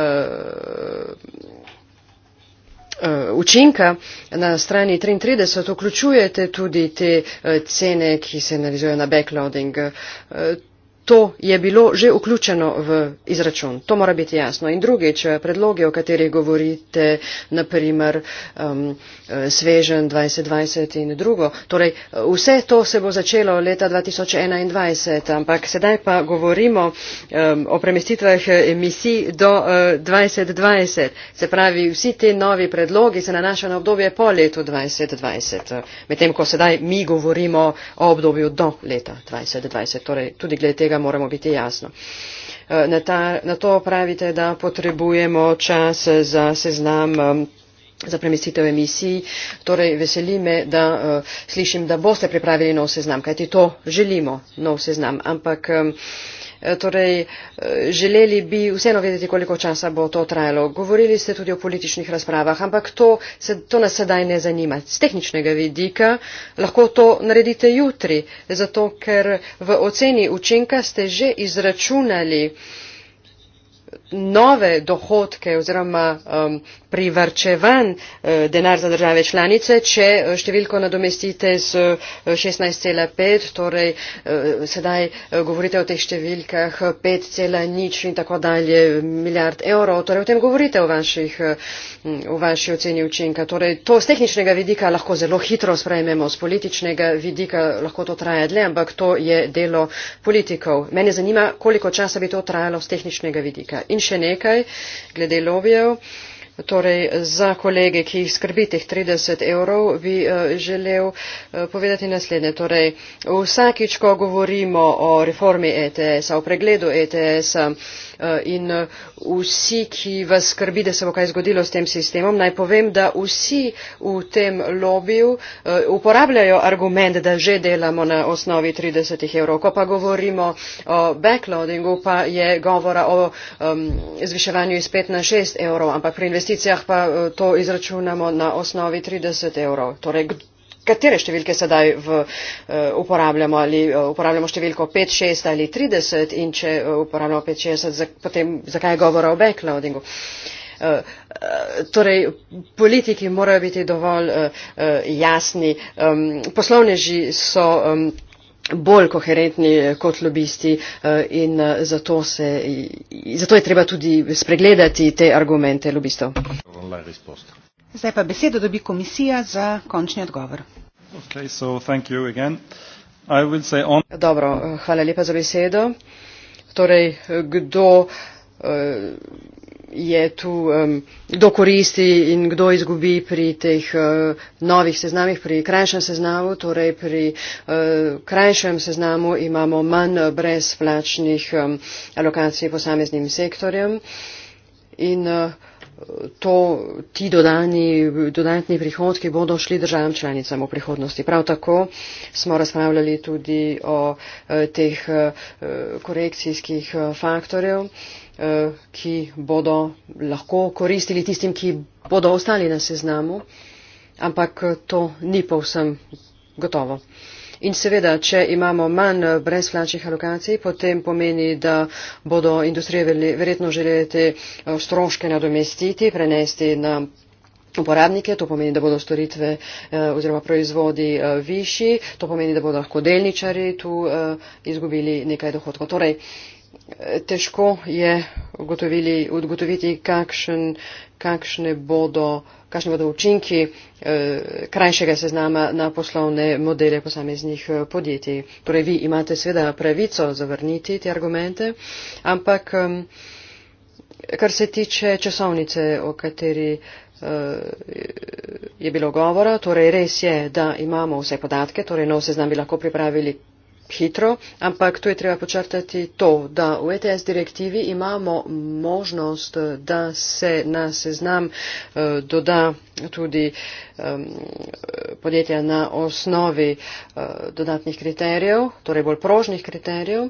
Eh, učinka na strani triintrideset vključujete tudi te eh, cene ki se navezujejo na backloading. Eh, to je bilo že vključeno v izračun to mora biti jasno in drugič eh, predloge o katerih govorite naprimer um, eh, svežen dvajset dvajset in drugo torej eh, vse to se bo začelo leta dva tisoč enaindvajset ampak sedaj pa govorimo um, o premestitvah emisij do dvajset uh, dvajset se pravi vsi ti novi predlogi se nanašajo na obdobje po letu dvajset dvajset medtem ko sedaj mi govorimo o obdobju do leta dvajset dvajset torej tudi glede tega tega moramo biti jasno. Eh, na, ta, na to pravite, da potrebujemo čas za seznam za premestitev emisij. Torej, veseli me, da uh, slišim, da boste pripravili nov seznam, kajti to želimo, nov seznam. Ampak um, Eh, torej eh, želeli bi vseeno vedeti, koliko časa bo to trajalo. Govorili ste tudi o političnih razpravah, ampak to, se, to nas sedaj ne zanima. Z tehničnega vidika lahko to naredite jutri, zato ker v oceni učinka ste že izračunali nove dohodke oziroma um, privarčevan eh, denar za države članice, če eh, številko nadomestite z 16,5, eh, torej sedaj govorite o teh številkah 5,0 in tako dalje milijard evrov, torej o tem govorite v, vaših, v vaši oceni učinka. Torej to z tehničnega vidika lahko zelo hitro sprejmemo, z političnega vidika lahko to traja dlje, ampak to je delo politikov. Mene zanima, koliko časa bi to trajalo z tehničnega vidika. In še nekaj, glede lobijev. Torej, za kolege, ki jih skrbi teh 30 evrov, bi uh, želel uh, povedati naslednje. Torej, vsakič, ko govorimo o reformi ETS-a, o pregledu ETS-a, uh, Eh, in eh, vsi ki vas skrbi da se bo kaj zgodilo s tem sistemom naj povem da vsi v tem lobiju eh, uporabljajo argument da že delamo na osnovi 30 evrov ko pa govorimo o backloadingu pa je govora o um, zviševanju iz 5 na 6 evrov ampak pri investicijah pa to izračunamo na osnovi 30 evrov torej katere številke sedaj v, eh, uporabljamo ali eh, uporabljamo številko pet šest ali trideset in če eh, uporabljamo pet šest potem zakaj je govora o backloadingu Torej, politiki morajo biti dovolj jasni, poslovneži so bolj koherentni kot lobisti in zato, se, zato je treba tudi spregledati te argumente lobistov. Zdaj pa besedo dobi komisija za končni odgovor. Okay, so, on... Dobro, hvala lepa za besedo. Torej, kdo eh, je tu, kdo koristi in kdo izgubi pri teh eh, novih seznamih, pri krajšem seznamu. Torej, pri eh, krajšem seznamu imamo manj brezplačnih alokacij posameznim sektorjem. In, uh, to, ti dodani, dodatni prihodki bodo šli državam članicam v prihodnosti. Prav tako smo razpravljali tudi o eh, teh eh, korekcijskih eh, faktorjev, ki bodo lahko koristili tistim, ki bodo ostali na seznamu, ampak to ni povsem gotovo in seveda če imamo manj brezplačnih alokacij, potem pomeni, da bodo industrije verjetno želeli te eh, stroške nadomestiti, prenesti na. Uporabnike, to pomeni, da bodo storitve eh, oziroma proizvodi eh, višji, to pomeni, da bodo lahko delničari tu eh, izgubili nekaj dohodkov. Torej, eh, težko je ugotoviti, kakšen, kakšne bodo eh, kakšni bodo učinki eh, krajšega seznama na poslovne modele posameznih eh, podjetij. Torej, vi imate seveda pravico zavrniti te argumente, ampak eh, kar se tiče časovnice, o kateri eh, je bilo govora, torej res je, da imamo vse podatke, torej nov seznam bi lahko pripravili hitro, ampak tu je treba počrtati to, da v ETS direktivi imamo možnost, da se na seznam eh, doda tudi podjetja na osnovi eh, dodatnih kriterijev, torej bolj prožnih kriterijev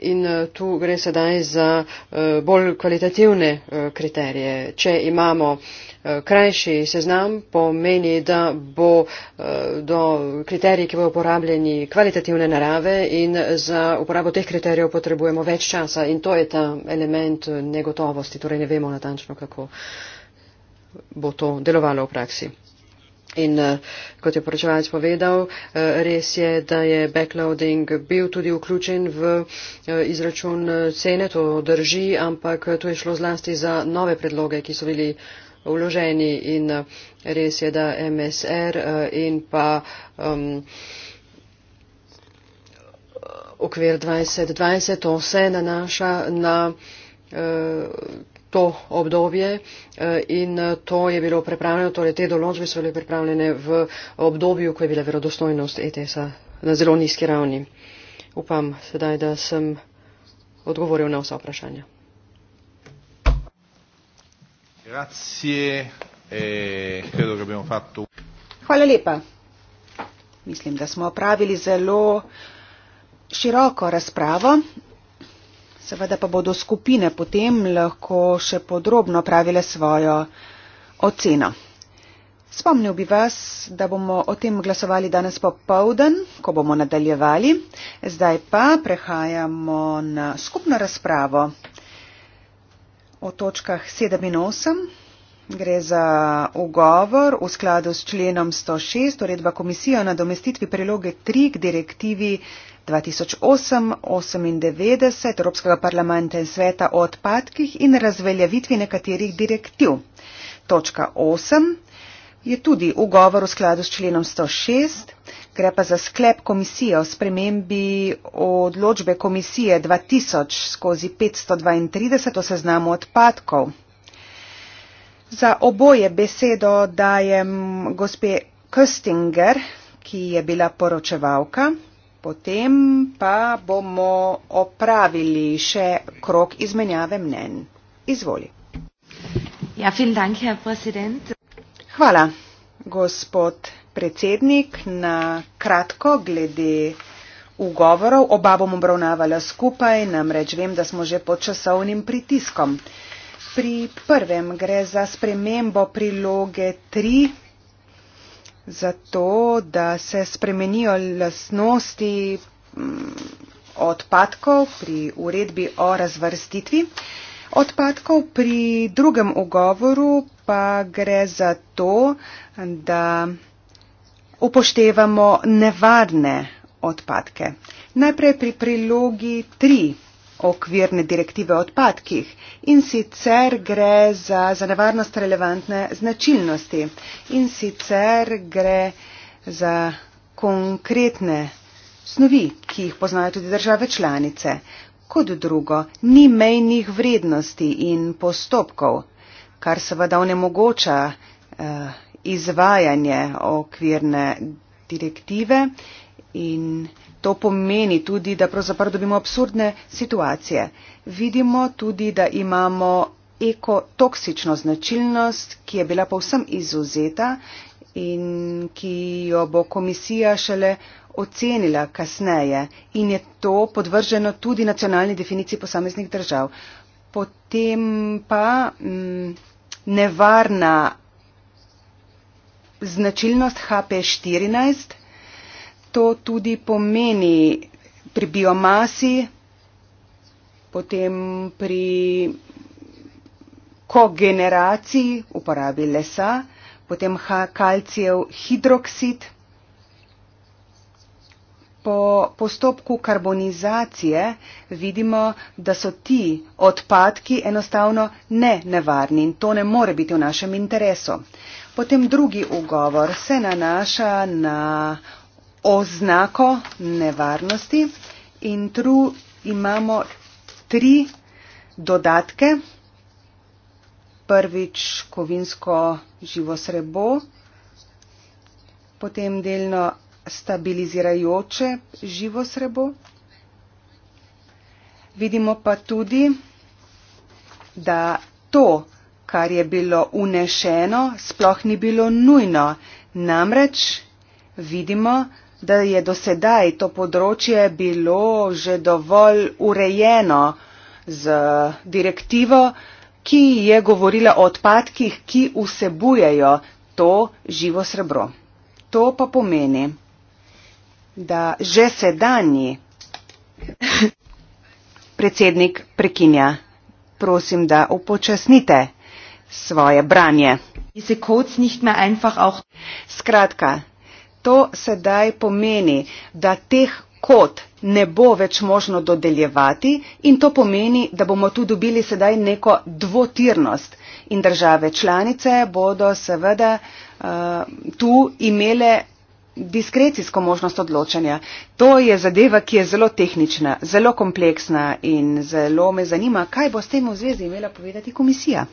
in eh, tu gre sedaj za eh, bolj kvalitativne eh, kriterije. Če imamo krajši seznam, pomeni, da bo do kriterij, ki bo uporabljeni kvalitativne narave in za uporabo teh kriterijev potrebujemo več časa in to je ta element negotovosti, torej ne vemo natančno, kako bo to delovalo v praksi. In eh, kot je poročevalec povedal, eh, res je, da je backloading bil tudi vključen v eh, izračun cene, to drži, ampak to je šlo zlasti za nove predloge, ki so bili vloženi in res je, da MSR in pa um, okvir 2020, to se nanaša na uh, to obdobje eh, in eh, to je bilo pripravljeno, torej te določbe so bile pripravljene v obdobju, ko je bila verodostojnost ETS-a na zelo nizki ravni. Upam sedaj, da sem odgovoril na vsa vprašanja. Eh, Hvala lepa. Mislim, da smo opravili zelo široko razpravo. Seveda pa bodo skupine potem lahko še podrobno pravile svojo oceno. Spomnil bi vas, da bomo o tem glasovali danes popovden, ko bomo nadaljevali. Zdaj pa prehajamo na skupno razpravo o točkah 7 in 8. Gre za ugovor v skladu s členom 106 uredba komisije o nadomestitvi priloge 3 k direktivi 2008-98 Evropskega parlamenta in sveta o odpadkih in razveljavitvi nekaterih direktiv. Točka 8 je tudi ugovor v skladu s členom 106, gre pa za sklep komisije o spremembi odločbe komisije 2000 skozi 532 o seznamu odpadkov. Za oboje besedo dajem gospe Köstinger, ki je bila poročevalka. Potem pa bomo opravili še krok izmenjave mnen. Izvoli. Ja, dank, Hvala, gospod predsednik, na kratko glede ugovorov. Oba bom obravnavala skupaj, namreč vem, da smo že pod časovnim pritiskom. Pri prvem gre za spremembo priloge 3 zato, da se spremenijo lasnosti mm, odpadkov pri uredbi o razvrstitvi. Odpadkov pri drugem ugovoru pa gre za to, da upoštevamo nevarne odpadke. Najprej pri prilogi 3 okvirne direktive o odpadkih in sicer gre za, za nevarnost relevantne značilnosti in sicer gre za konkretne snovi, ki jih poznajo tudi države članice. Kot drugo, ni mejnih vrednosti in postopkov, kar seveda onemogoča eh, izvajanje okvirne direktive in To pomeni tudi, da pravzaprav dobimo absurdne situacije. Vidimo tudi, da imamo ekotoksično značilnost, ki je bila povsem izuzeta in ki jo bo komisija šele ocenila kasneje in je to podvrženo tudi nacionalni definiciji posameznih držav. Potem pa m, mm, nevarna značilnost HP 14 to tudi pomeni pri biomasi, potem pri kogeneraciji uporabi lesa, potem kalcijev hidroksid. Po postopku karbonizacije vidimo, da so ti odpadki enostavno ne nevarni in to ne more biti v našem interesu. Potem drugi ugovor se nanaša na oznako nevarnosti in tu imamo tri dodatke. Prvič kovinsko živo srebo, potem delno stabilizirajoče živo srebo. Vidimo pa tudi, da to, kar je bilo unešeno, sploh ni bilo nujno. Namreč vidimo, da je do sedaj to področje bilo že dovolj urejeno z direktivo, ki je govorila o odpadkih, ki vsebujejo to živo srebro. To pa pomeni, da že sedanji predsednik prekinja. Prosim, da upočasnite svoje branje. Skratka, to sedaj pomeni, da teh kot ne bo več možno dodeljevati in to pomeni, da bomo tu dobili sedaj neko dvotirnost in države članice bodo seveda uh, tu imele diskrecijsko možnost odločanja. To je zadeva, ki je zelo tehnična, zelo kompleksna in zelo me zanima, kaj bo s tem v zvezi imela povedati komisija.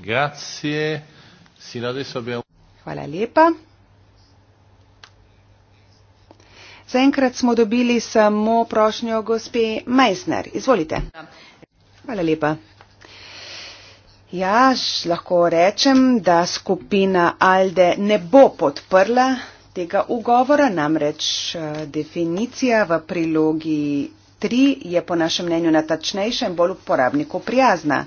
Grazie. Hvala lepa. Zaenkrat smo dobili samo prošnjo gospe Meissner. Izvolite. Hvala lepa. Ja, lahko rečem, da skupina Alde ne bo podprla tega ugovora, namreč eh, definicija v prilogi 3 je po našem mnenju natačnejša in bolj uporabniku prijazna.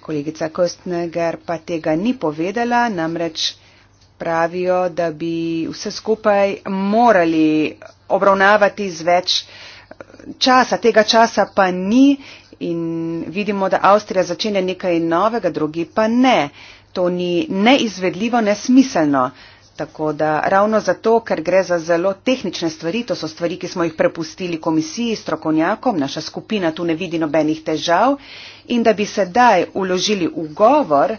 Kolegica Kostneger pa tega ni povedala, namreč pravijo, da bi vse skupaj morali obravnavati z več eh, časa. Tega časa pa ni in vidimo, da Avstrija začne nekaj novega, drugi pa ne. To ni neizvedljivo, nesmiselno. Tako da ravno zato, ker gre za zelo tehnične stvari, to so stvari, ki smo jih prepustili komisiji, strokovnjakom, naša skupina tu ne vidi nobenih težav in da bi sedaj uložili ugovor,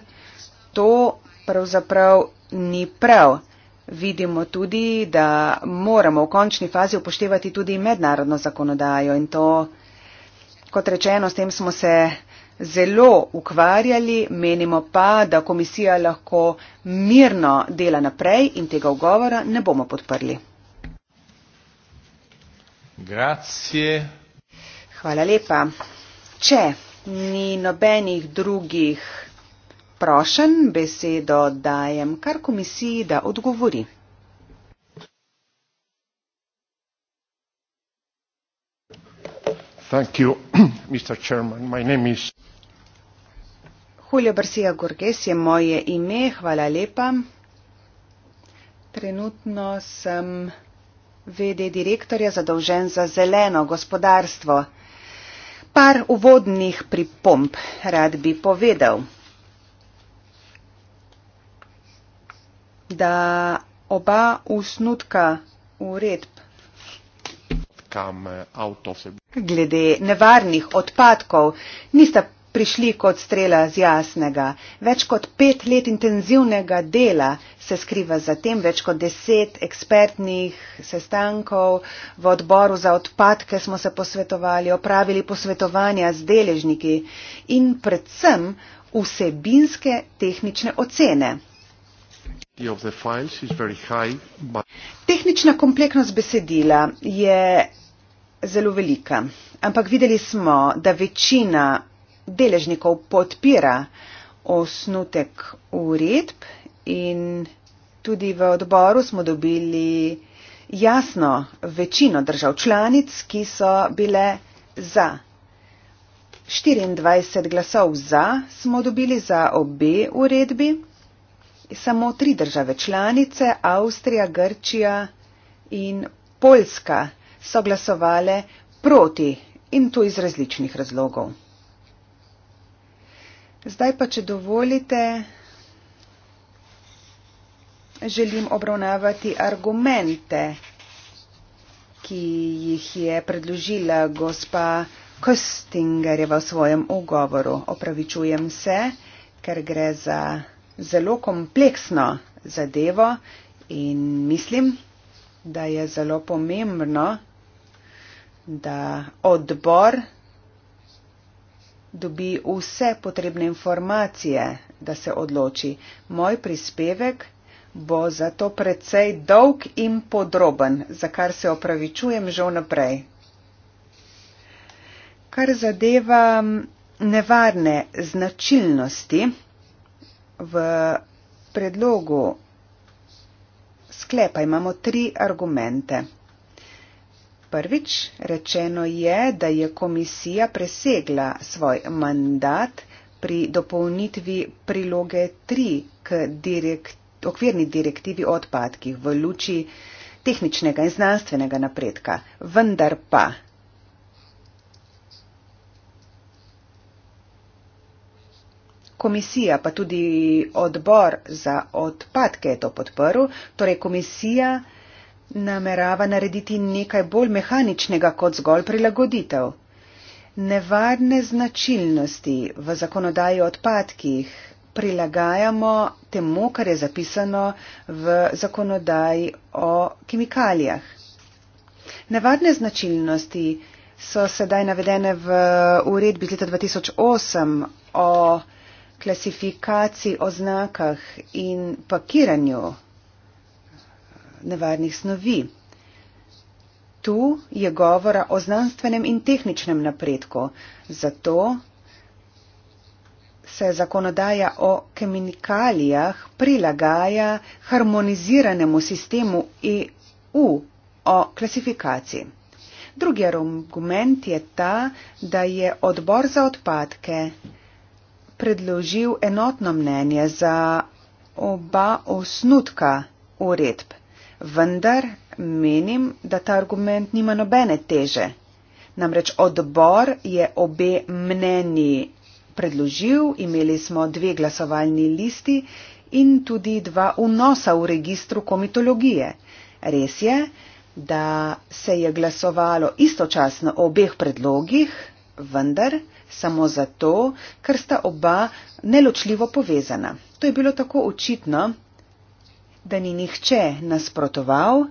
to pravzaprav ni prav. Vidimo tudi, da moramo v končni fazi upoštevati tudi mednarodno zakonodajo in to, kot rečeno, s tem smo se zelo ukvarjali, menimo pa, da komisija lahko mirno dela naprej in tega ugovora ne bomo podprli. Grazie. Hvala lepa. Če ni nobenih drugih prošen, besedo dajem kar komisiji, da odgovori. Thank you, Mr. Chairman. My name is. Julio Barcia Gorges je moje ime, hvala lepa. Trenutno sem VD direktorja zadolžen za zeleno gospodarstvo. Par uvodnih pripomb rad bi povedal. da oba usnutka uredb. Kam eh, avto se bi. Glede nevarnih odpadkov nista prišli kot strela z jasnega. Več kot pet let intenzivnega dela se skriva za tem, več kot deset ekspertnih sestankov. V odboru za odpadke smo se posvetovali, opravili posvetovanja z deležniki in predvsem vsebinske tehnične ocene. Tehnična kompleksnost besedila je zelo velika, ampak videli smo, da večina deležnikov podpira osnutek uredb in tudi v odboru smo dobili jasno večino držav članic, ki so bile za. 24 glasov za smo dobili za obe uredbi samo tri države članice, Avstrija, Grčija in Poljska, so glasovale proti in to iz različnih razlogov. Zdaj pa, če dovolite, želim obravnavati argumente, ki jih je predložila gospa Kostingerjeva v svojem ugovoru. Opravičujem se, ker gre za zelo kompleksno zadevo in mislim, da je zelo pomembno, da odbor dobi vse potrebne informacije, da se odloči. Moj prispevek bo zato precej dolg in podroben, za kar se opravičujem že vnaprej. Kar zadeva nevarne značilnosti, v predlogu sklepa imamo tri argumente. Prvič, rečeno je, da je komisija presegla svoj mandat pri dopolnitvi priloge 3 k direkt, okvirni direktivi odpadkih v luči tehničnega in znanstvenega napredka. Vendar pa komisija, pa tudi odbor za odpadke je to podporil. Torej, komisija namerava narediti nekaj bolj mehaničnega kot zgolj prilagoditev. Nevarne značilnosti v zakonodaji o odpadkih prilagajamo temu, kar je zapisano v zakonodaji o kemikalijah. Nevarne značilnosti so sedaj navedene v uredbi z leta 2008 o klasifikaciji, oznakah in pakiranju nevarnih snovi. Tu je govora o znanstvenem in tehničnem napredku, zato se zakonodaja o kemikalijah prilagaja harmoniziranemu sistemu EU o klasifikaciji. Drugi argument je ta, da je odbor za odpadke predložil enotno mnenje za oba osnutka uredb, vendar menim, da ta argument nima nobene teže. Namreč odbor je obe mnenji predložil, imeli smo dve glasovalni listi in tudi dva vnosa v registru komitologije. Res je, da se je glasovalo istočasno o obeh predlogih, vendar samo zato, ker sta oba neločljivo povezana. To je bilo tako očitno, da ni nihče nasprotoval,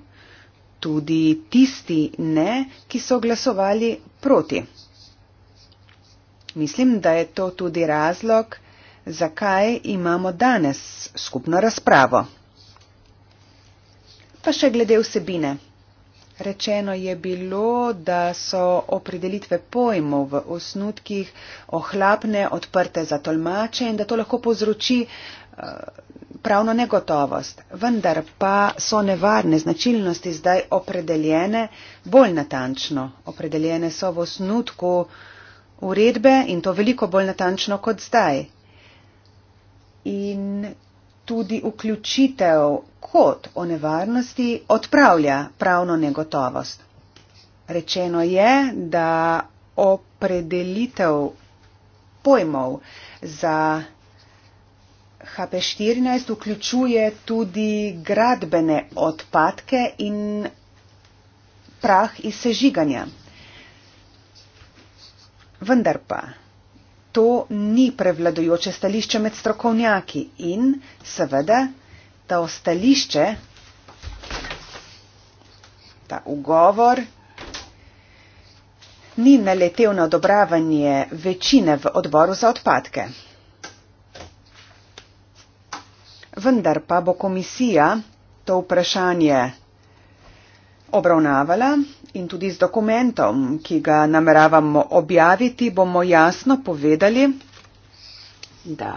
tudi tisti ne, ki so glasovali proti. Mislim, da je to tudi razlog, zakaj imamo danes skupno razpravo. Pa še glede vsebine. Rečeno je bilo, da so opredelitve pojmov v osnutkih ohlapne, odprte za tolmače in da to lahko povzroči eh, pravno negotovost. Vendar pa so nevarne značilnosti zdaj opredeljene bolj natančno. Opredeljene so v osnutku uredbe in to veliko bolj natančno kot zdaj. In tudi vključitev kot o nevarnosti, odpravlja pravno negotovost. Rečeno je, da opredelitev pojmov za HP14 vključuje tudi gradbene odpadke in prah iz sežiganja. Vendar pa to ni prevladojoče stališče med strokovnjaki in seveda to stališče, ta ugovor, ni naletel na odobravanje večine v odboru za odpadke. Vendar pa bo komisija to vprašanje obravnavala in tudi z dokumentom, ki ga nameravamo objaviti, bomo jasno povedali, da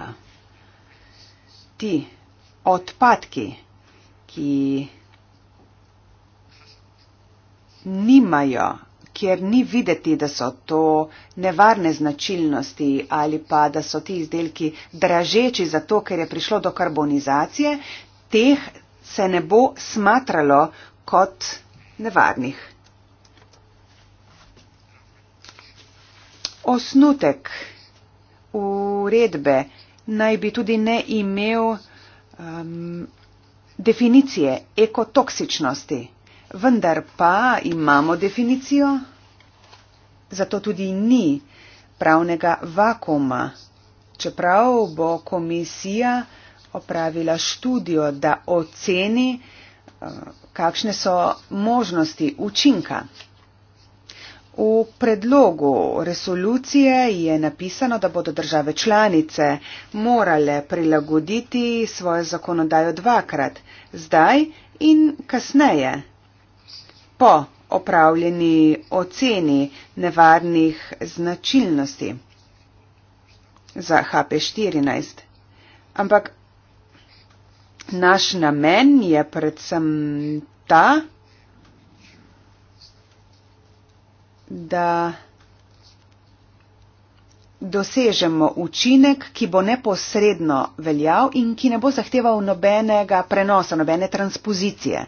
ti odpadki, ki nimajo, kjer ni videti, da so to nevarne značilnosti ali pa da so ti izdelki dražeči zato, ker je prišlo do karbonizacije, teh se ne bo smatralo kot nevarnih. Osnutek uredbe naj bi tudi ne imel um, definicije ekotoksičnosti. Vendar pa imamo definicijo, zato tudi ni pravnega vakuma. Čeprav bo komisija opravila študijo, da oceni, eh, kakšne so možnosti učinka. V predlogu resolucije je napisano, da bodo države članice morale prilagoditi svojo zakonodajo dvakrat, zdaj in kasneje, po opravljeni oceni nevarnih značilnosti za HP14. Ampak naš namen je predvsem ta, da dosežemo učinek, ki bo neposredno veljav in ki ne bo zahteval nobenega prenosa, nobene transpozicije.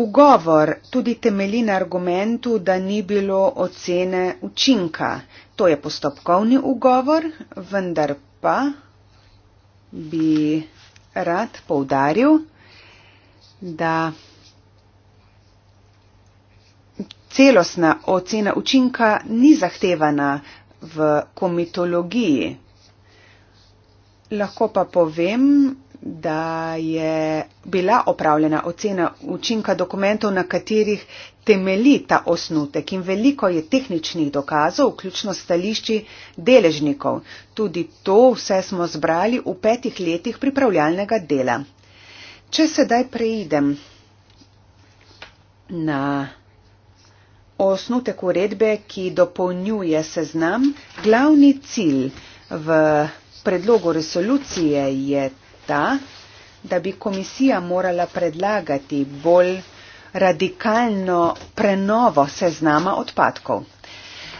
Ugovor tudi temelji na argumentu, da ni bilo ocene učinka. To je postopkovni ugovor, vendar pa bi rad poudaril, da celostna ocena učinka ni zahtevana v komitologiji. Lahko pa povem, da je bila opravljena ocena učinka dokumentov, na katerih temeli ta osnutek in veliko je tehničnih dokazov, vključno stališči deležnikov. Tudi to vse smo zbrali v petih letih pripravljalnega dela. Če sedaj preidem na osnutek uredbe, ki dopolnjuje seznam, glavni cilj v predlogu resolucije je ta, da bi komisija morala predlagati bolj radikalno prenovo seznama odpadkov.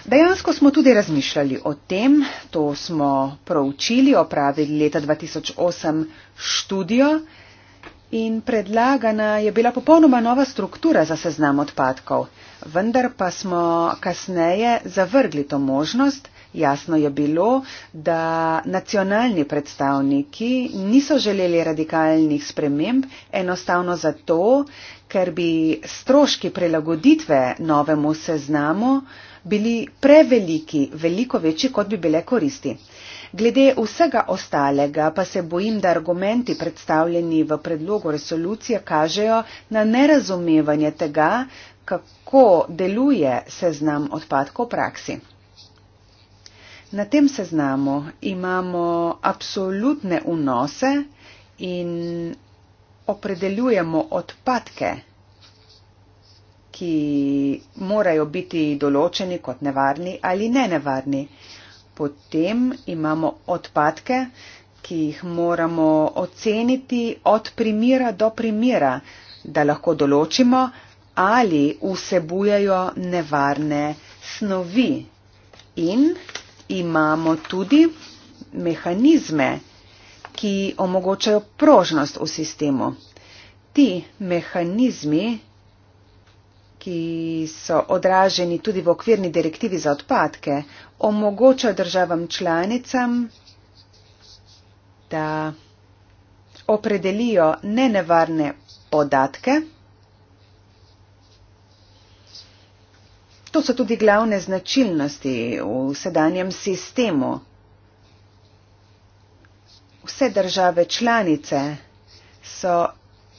Dejansko smo tudi razmišljali o tem, to smo proučili, opravili leta 2008 študijo in predlagana je bila popolnoma nova struktura za seznam odpadkov, vendar pa smo kasneje zavrgli to možnost, Jasno je bilo, da nacionalni predstavniki niso želeli radikalnih sprememb enostavno zato, ker bi stroški prilagoditve novemu seznamu bili preveliki, veliko večji, kot bi bile koristi. Glede vsega ostalega pa se bojim, da argumenti predstavljeni v predlogu resolucije kažejo na nerazumevanje tega, kako deluje seznam odpadkov v praksi. Na tem seznamu imamo absolutne vnose in opredeljujemo odpadke, ki morajo biti določeni kot nevarni ali nenevarni. Potem imamo odpadke, ki jih moramo oceniti od primira do primira, da lahko določimo, ali vsebujejo nevarne snovi. In imamo tudi mehanizme, ki omogočajo prožnost v sistemu. Ti mehanizmi, ki so odraženi tudi v okvirni direktivi za odpadke, omogočajo državam članicam, da opredelijo nenevarne podatke, To so tudi glavne značilnosti v sedanjem sistemu. Vse države članice so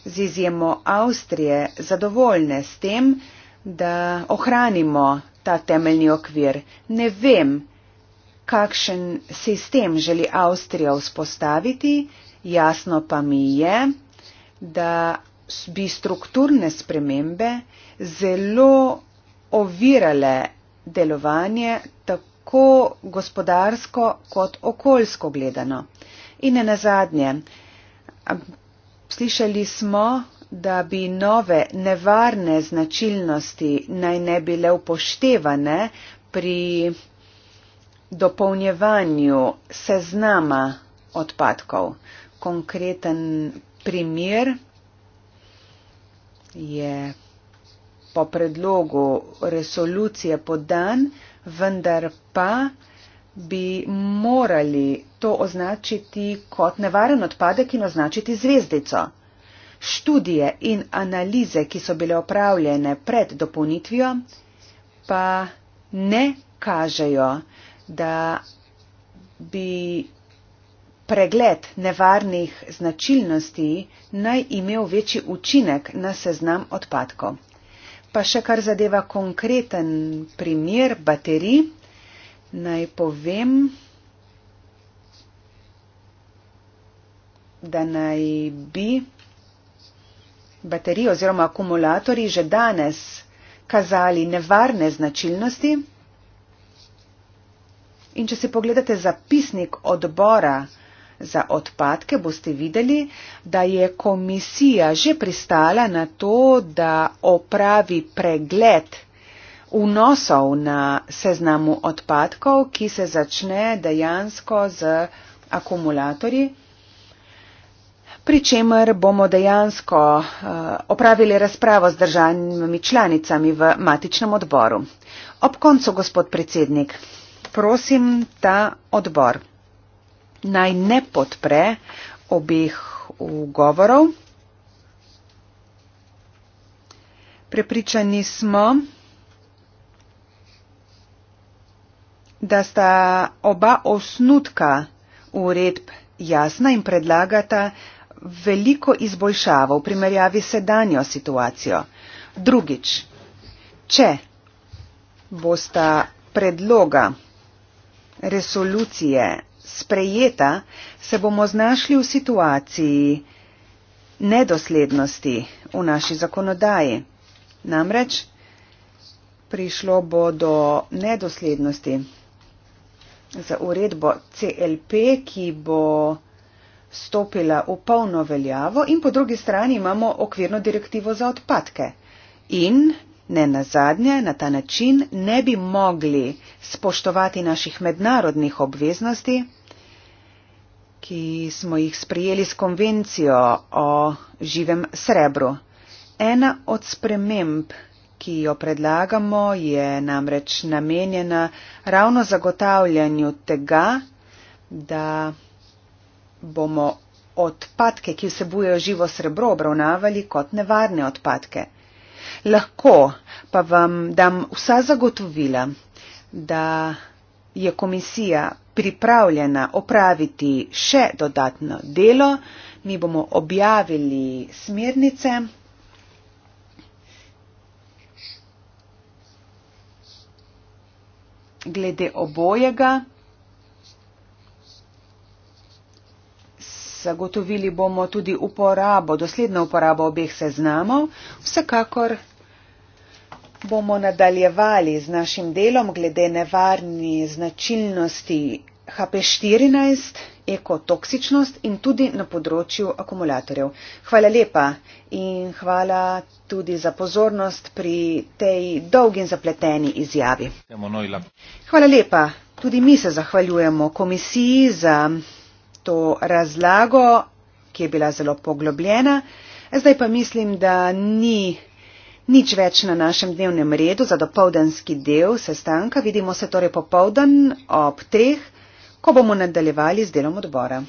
z izjemo Avstrije zadovoljne s tem, da ohranimo ta temeljni okvir. Ne vem, kakšen sistem želi Avstrija vzpostaviti, jasno pa mi je, da bi strukturne spremembe zelo ovirale delovanje tako gospodarsko kot okoljsko gledano. In ne nazadnje, slišali smo, da bi nove nevarne značilnosti naj ne bile upoštevane pri dopolnjevanju seznama odpadkov. Konkreten primer je po predlogu resolucije podan, vendar pa bi morali to označiti kot nevaren odpadek in označiti zvezdico. Študije in analize, ki so bile opravljene pred dopolnitvijo, pa ne kažejo, da bi pregled nevarnih značilnosti naj imel večji učinek na seznam odpadkov. Pa še kar zadeva konkreten primer baterij, naj povem, da naj bi baterije oziroma akumulatori že danes kazali nevarne značilnosti. In če si pogledate zapisnik odbora za odpadke, boste videli, da je komisija že pristala na to, da opravi pregled vnosov na seznamu odpadkov, ki se začne dejansko z akumulatorji, pri čemer bomo dejansko uh, opravili razpravo z državnimi članicami v matičnem odboru. Ob koncu, gospod predsednik, prosim ta odbor naj ne podpre obeh ugovorov. Prepričani smo, da sta oba osnutka uredb jasna in predlagata veliko izboljšavo v primerjavi sedanjo situacijo. Drugič, če bosta predloga resolucije sprejeta, se bomo znašli v situaciji nedoslednosti v naši zakonodaji. Namreč prišlo bo do nedoslednosti za uredbo CLP, ki bo stopila v polno veljavo in po drugi strani imamo okvirno direktivo za odpadke. In ne nazadnje, na ta način ne bi mogli spoštovati naših mednarodnih obveznosti, ki smo jih sprijeli s konvencijo o živem srebru. Ena od sprememb, ki jo predlagamo, je namreč namenjena ravno zagotavljanju tega, da bomo odpadke, ki vsebujejo živo srebro, obravnavali kot nevarne odpadke. Lahko pa vam dam vsa zagotovila, da je komisija pripravljena opraviti še dodatno delo. Mi bomo objavili smernice. Glede obojega, zagotovili bomo tudi uporabo, dosledno uporabo obeh seznamov. Vsekakor bomo nadaljevali z našim delom glede nevarni značilnosti HP14, ekotoksičnost in tudi na področju akumulatorjev. Hvala lepa in hvala tudi za pozornost pri tej dolgi in zapleteni izjavi. Hvala lepa. Tudi mi se zahvaljujemo komisiji za to razlago, ki je bila zelo poglobljena. Zdaj pa mislim, da ni Nič več na našem dnevnem redu za dopoldanski del sestanka. Vidimo se torej popoldan ob treh, ko bomo nadaljevali z delom odbora.